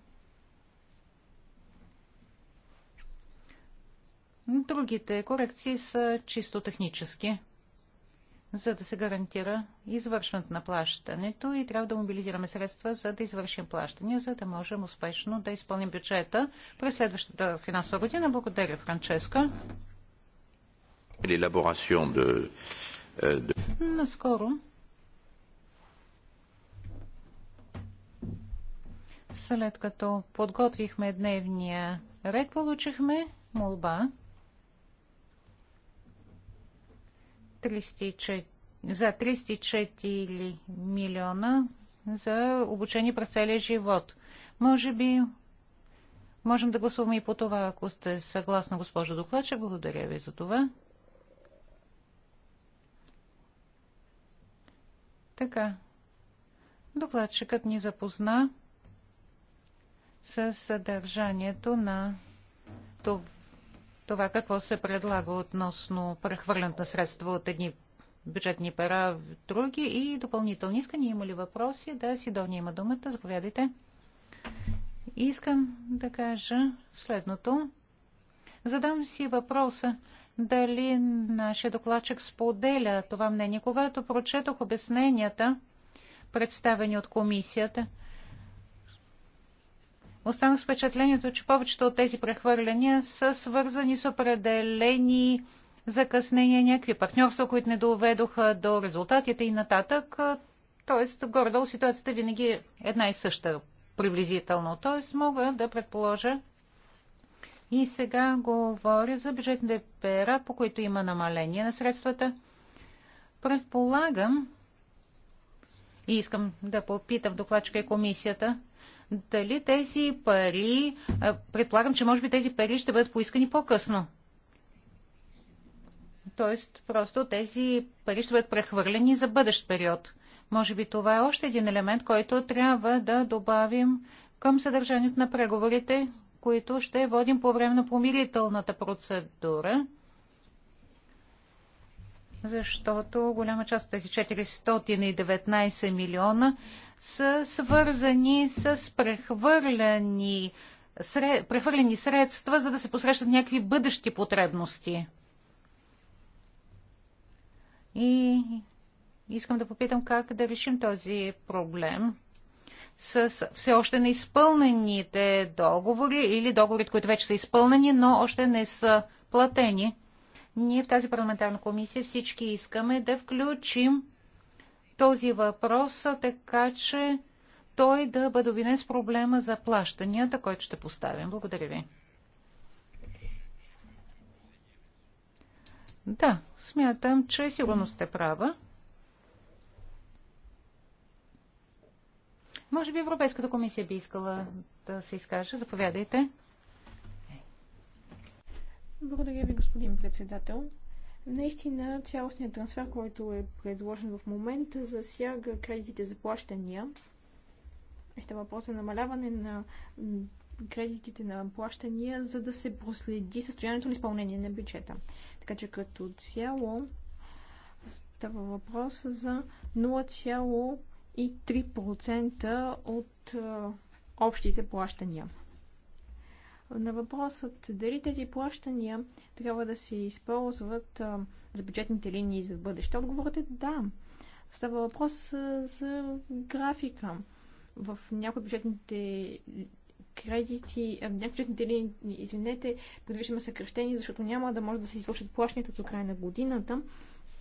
Другите корекции са чисто технически, за да се гарантира извършването на плащането и трябва да мобилизираме средства, за да извършим плащания, за да можем успешно да изпълним бюджета през следващата финансова година. Благодаря, Франческа. Euh, Наскоро След като подготвихме дневния ред, получихме молба 34, за 34 милиона за обучение през целия живот. Може би можем да гласуваме и по това, ако сте съгласна, госпожо Доклача. Благодаря ви за това. Така. Докладчикът ни запозна със съдържанието на това какво се предлага относно прехвърлянето на средства от едни бюджетни пера в други и допълнителни искания. Има ли въпроси? Да, Сидония има думата. Заповядайте. Искам да кажа следното. Задам си въпроса дали нашия докладчик споделя това мнение. Когато прочетох обясненията, представени от комисията, Останах с впечатлението, че повечето от тези прехвърляния са свързани с определени закъснения, някакви партньорства, които не доведоха до резултатите и нататък. Тоест, горе-долу ситуацията винаги е една и съща приблизително. Тоест, мога да предположа. И сега говоря за бюджетните пера, по които има намаление на средствата. Предполагам, и искам да попитам докладчика и комисията, дали тези пари, предполагам, че може би тези пари ще бъдат поискани по-късно. Тоест, просто тези пари ще бъдат прехвърлени за бъдещ период. Може би това е още един елемент, който трябва да добавим към съдържанието на преговорите, които ще водим по време на помирителната процедура, защото голяма част от тези 419 милиона са свързани с прехвърляни, сред, прехвърлени средства, за да се посрещат някакви бъдещи потребности. И искам да попитам как да решим този проблем с все още неизпълнените договори или договори, които вече са изпълнени, но още не са платени. Ние в тази парламентарна комисия всички искаме да включим този въпрос, така че той да бъде обвинен с проблема за плащанията, който ще поставим. Благодаря ви. Да, смятам, че сигурно сте права. Може би Европейската комисия би искала да се изкаже. Заповядайте. Благодаря ви, господин председател. Наистина цялостният трансфер, който е предложен в момента, засяга кредитите за плащания. Ще въпрос за намаляване на кредитите на плащания, за да се проследи състоянието на изпълнение на бюджета. Така че като цяло става въпрос за 0,3% от общите плащания на въпросът дали тези плащания трябва да се използват а, за бюджетните линии за бъдеще, отговорът е да. Става въпрос а, за графика. В някои бюджетните кредити, в някои бюджетните линии, извинете, предвиждаме съкрещение, защото няма да може да се извършат плащанията до края на годината,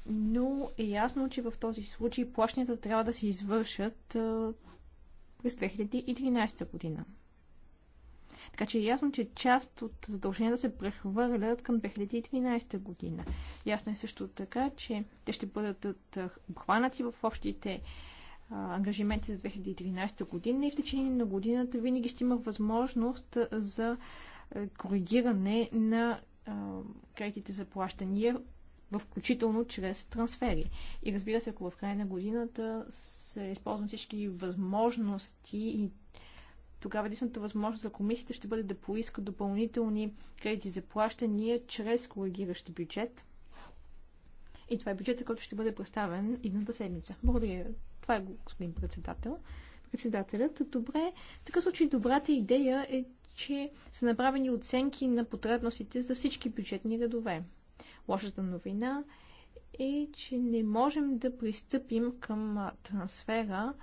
но е ясно, че в този случай плащанията трябва да се извършат а, през 2013 година. Така че е ясно, че част от задълженията да се прехвърлят към 2013 година. Ясно е също така, че те ще бъдат обхванати в общите ангажименти за 2013 година и в течение на годината винаги ще има възможност за коригиране на кредитите за плащания, включително чрез трансфери. И разбира се, ако в края на годината се използват всички възможности и тогава единствената възможност за комисията ще бъде да поиска допълнителни кредити за плащания чрез коригиращ бюджет. И това е бюджета, който ще бъде представен едната седмица. Благодаря. Това е господин председател. Председателят. Добре. В такъв случай добрата идея е, че са направени оценки на потребностите за всички бюджетни редове. Лошата новина е, че не можем да пристъпим към трансфера,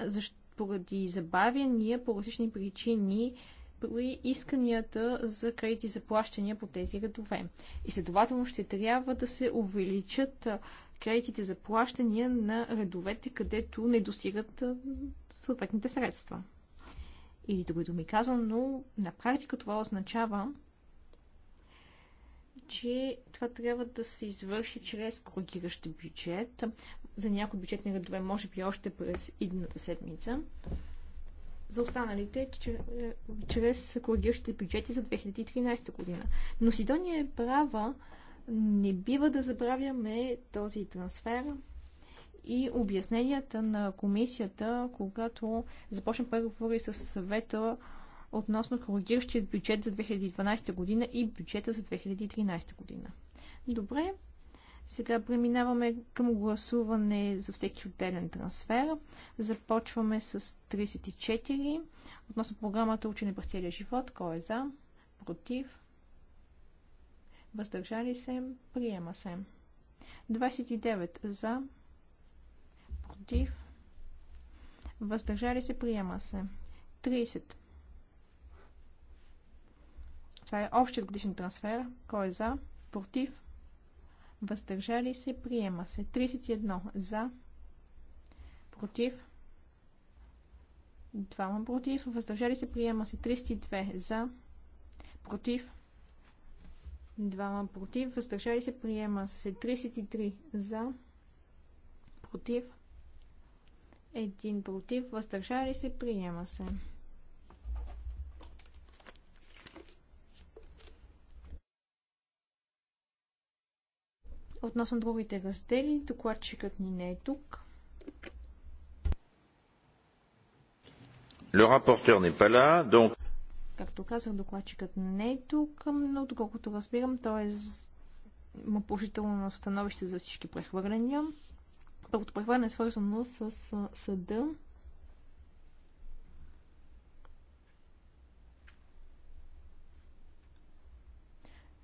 защото поради забавяния по различни причини при исканията за кредити за плащания по тези редове. И следователно ще трябва да се увеличат кредитите за плащания на редовете, където не достигат съответните средства. Или да го ми казано, на практика това означава, че това трябва да се извърши чрез коригиращ бюджет, за някои бюджетни градове, може би още през идната седмица. За останалите, е, чрез коригиращите бюджети за 2013 година. Но Сидония е права, не бива да забравяме този трансфер и обясненията на комисията, когато започна преговори с съвета относно коригиращият бюджет за 2012 година и бюджета за 2013 година. Добре, сега преминаваме към гласуване за всеки отделен трансфер. Започваме с 34. Относно програмата Учене през целия живот. Кой е за? Против? Въздържали се? Приема се. 29 за? Против? Въздържали се? Приема се. 30. Това е общият годишен трансфер. Кой е за? Против? въздържали се, приема се. 31 за, против, 2 против, въздържали се, приема се. 32 за, против, 2 против, въздържали се, приема се. 33 за, против, 1 против, въздържали се, приема се. Относно другите раздели, докладчикът ни не е тук. Le rapporteur n'est pas là, donc... Както казах, докладчикът не е тук, но доколкото разбирам, той е има положително становище за всички прехвърления. Първото прехвърляне е свързано с съда.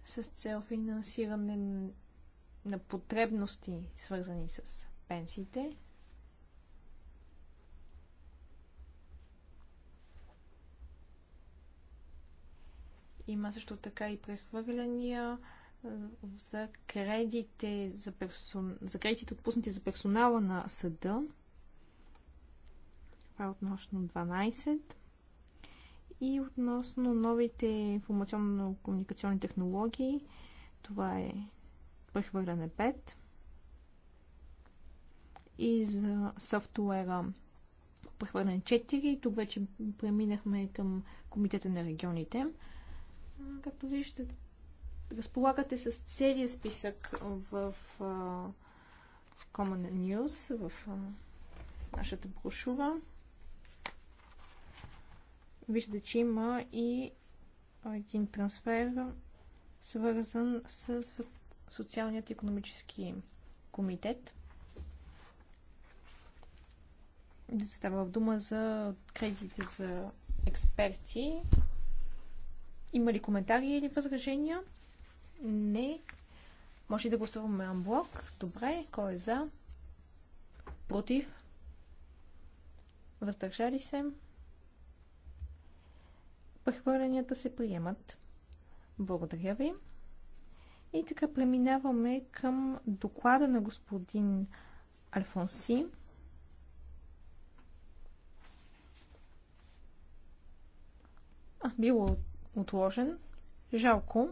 С цел финансиране на потребности, свързани с пенсиите. Има също така и прехвърляния за кредите, за, персон... за кредитите отпуснати за персонала на съда. Това е относно 12. И относно новите информационно-комуникационни технологии, това е прехвърляне 5 и за софтуера прехвърляне 4. Тук вече преминахме към Комитета на регионите. Както виждате, разполагате с целият списък в Common News, в нашата брошура. Виждате, че има и един трансфер, свързан с социалният и економически комитет. Става в дума за кредитите за експерти. Има ли коментари или възражения? Не. Може да гласуваме анблок. Добре. Кой е за? Против? Въздържали се? Прехвърлянията се приемат. Благодаря ви. И така преминаваме към доклада на господин Альфонси. А, било отложен. Жалко.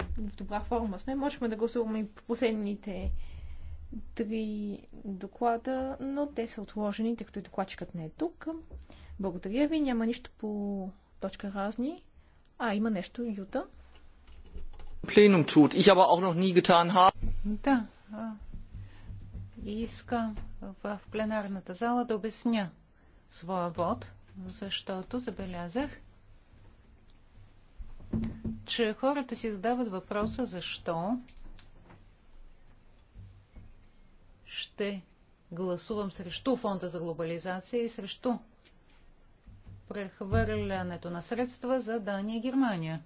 В добра форма сме. Можем да гласуваме и по последните три доклада, но те са отложени, тъй като и докладчикът не е тук. Благодаря ви. Няма нищо по точка разни. А, има нещо, Юта. Plenum tut. Ich aber auch noch nie getan habe. Да. Искам в пленарната зала да обясня своя вод, защото забелязах, че хората си задават въпроса защо ще гласувам срещу фонда за глобализация и срещу прехвърлянето на средства за Дания и Германия.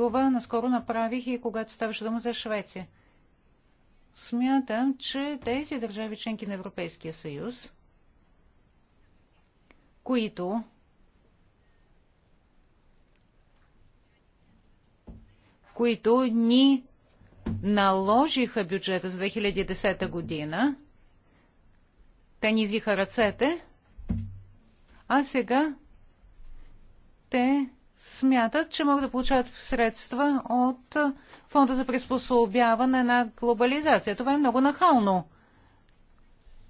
Това наскоро направих и когато ставаше дума за Швеция. Смятам, че тези държави членки на Европейския съюз, които които ни наложиха бюджета за 2010 година, те ни извиха ръцете, а сега те смятат, че могат да получават средства от Фонда за приспособяване на глобализация. Това е много нахално.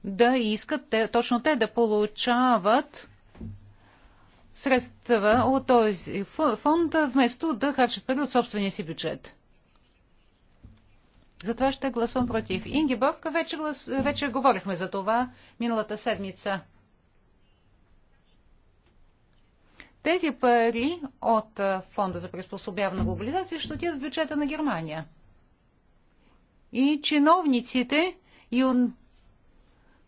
Да искат те, точно те да получават средства от този фонд, вместо да харчат пари от собствения си бюджет. Затова ще гласувам против. Ингеборг, вече, глас... вече говорихме за това миналата седмица. Тези пари от Фонда за приспособяване на глобализация ще отидат в бюджета на Германия. И чиновниците,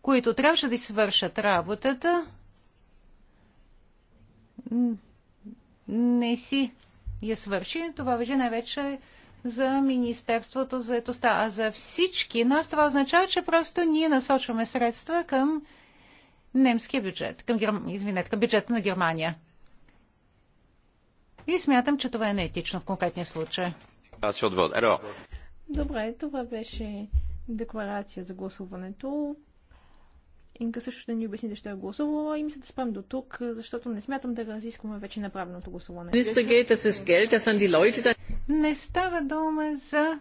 които трябваше да свършат работата, не си я свърши. Това въжи най-вече за Министерството за етоста. А за всички нас това означава, че просто ние насочваме средства към немския бюджет, към, извинете, към бюджета на Германия. И смятам, че това е неетично в конкретния случай. Добре, това беше декларация за гласуването. Инка също да ни обясни защо е гласувала и мисля да спам до тук, защото не смятам да разискваме вече направеното гласуване. Не става дума за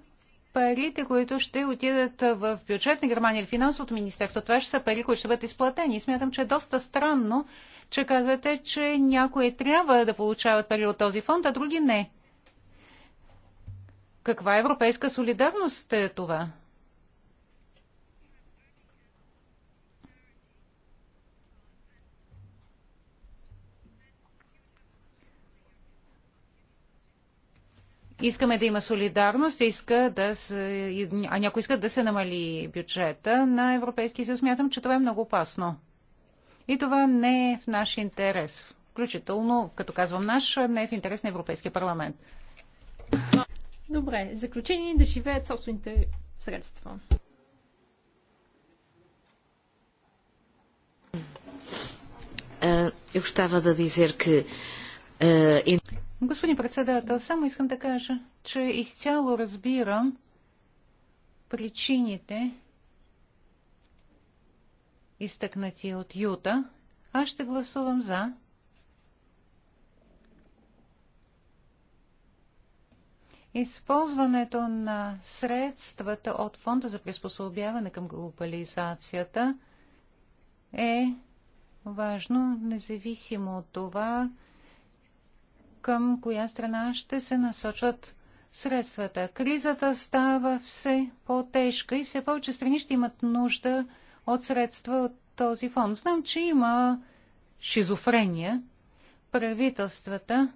парите, които ще отидат в бюджет на Германия или финансовото министерство. Това ще са пари, които ще бъдат изплатени. смятам, че е доста странно, че казвате, че някои трябва да получават пари от този фонд, а други не. Каква европейска солидарност е това? Искаме да има солидарност, иска да се, а някой иска да се намали бюджета на Европейския съюз. Смятам, че това е много опасно. И това не е в наш интерес. Включително, като казвам наш, не е в интерес на Европейския парламент. Добре, заключение да живеят собствените средства. Eu dizer que Господин председател, само искам да кажа, че изцяло разбирам причините, изтъкнати от Юта, аз ще гласувам за. Използването на средствата от Фонда за приспособяване към глобализацията е важно, независимо от това, към коя страна ще се насочват средствата. Кризата става все по-тежка и все повече страни ще имат нужда от средства от този фонд. Знам, че има шизофрения. Правителствата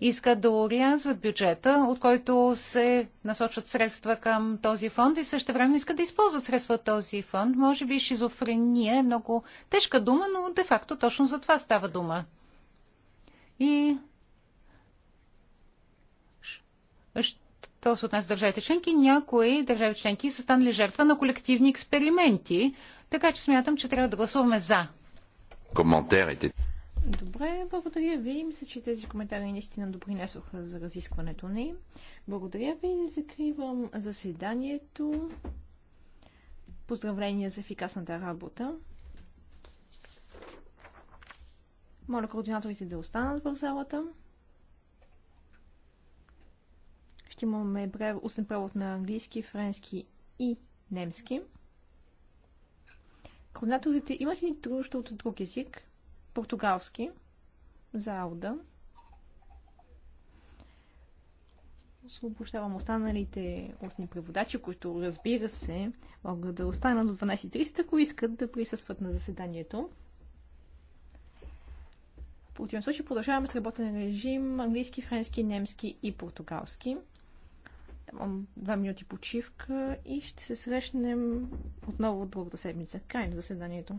искат да урязват бюджета, от който се насочат средства към този фонд и също време искат да използват средства от този фонд. Може би шизофрения е много тежка дума, но де-факто точно за това става дума. И що се отнася държавите членки, някои държави членки са станали жертва на колективни експерименти, така че смятам, че трябва да гласуваме за. Коментарите. Е Добре, благодаря ви. Мисля, че тези коментари наистина допринесоха за разискването ни. Благодаря ви. Закривам заседанието. Поздравления за ефикасната работа. Моля координаторите да останат в залата. Ще имаме устен превод на английски, френски и немски. Координаторите имат ли нужда от друг език? Португалски за ауда. Освобождавам останалите устни преводачи, които разбира се могат да останат до 12.30, ако искат да присъстват на заседанието. В противен случай продължаваме с работен режим английски, френски, немски и португалски. Имам два минути почивка и ще се срещнем отново другата седмица. Край на заседанието.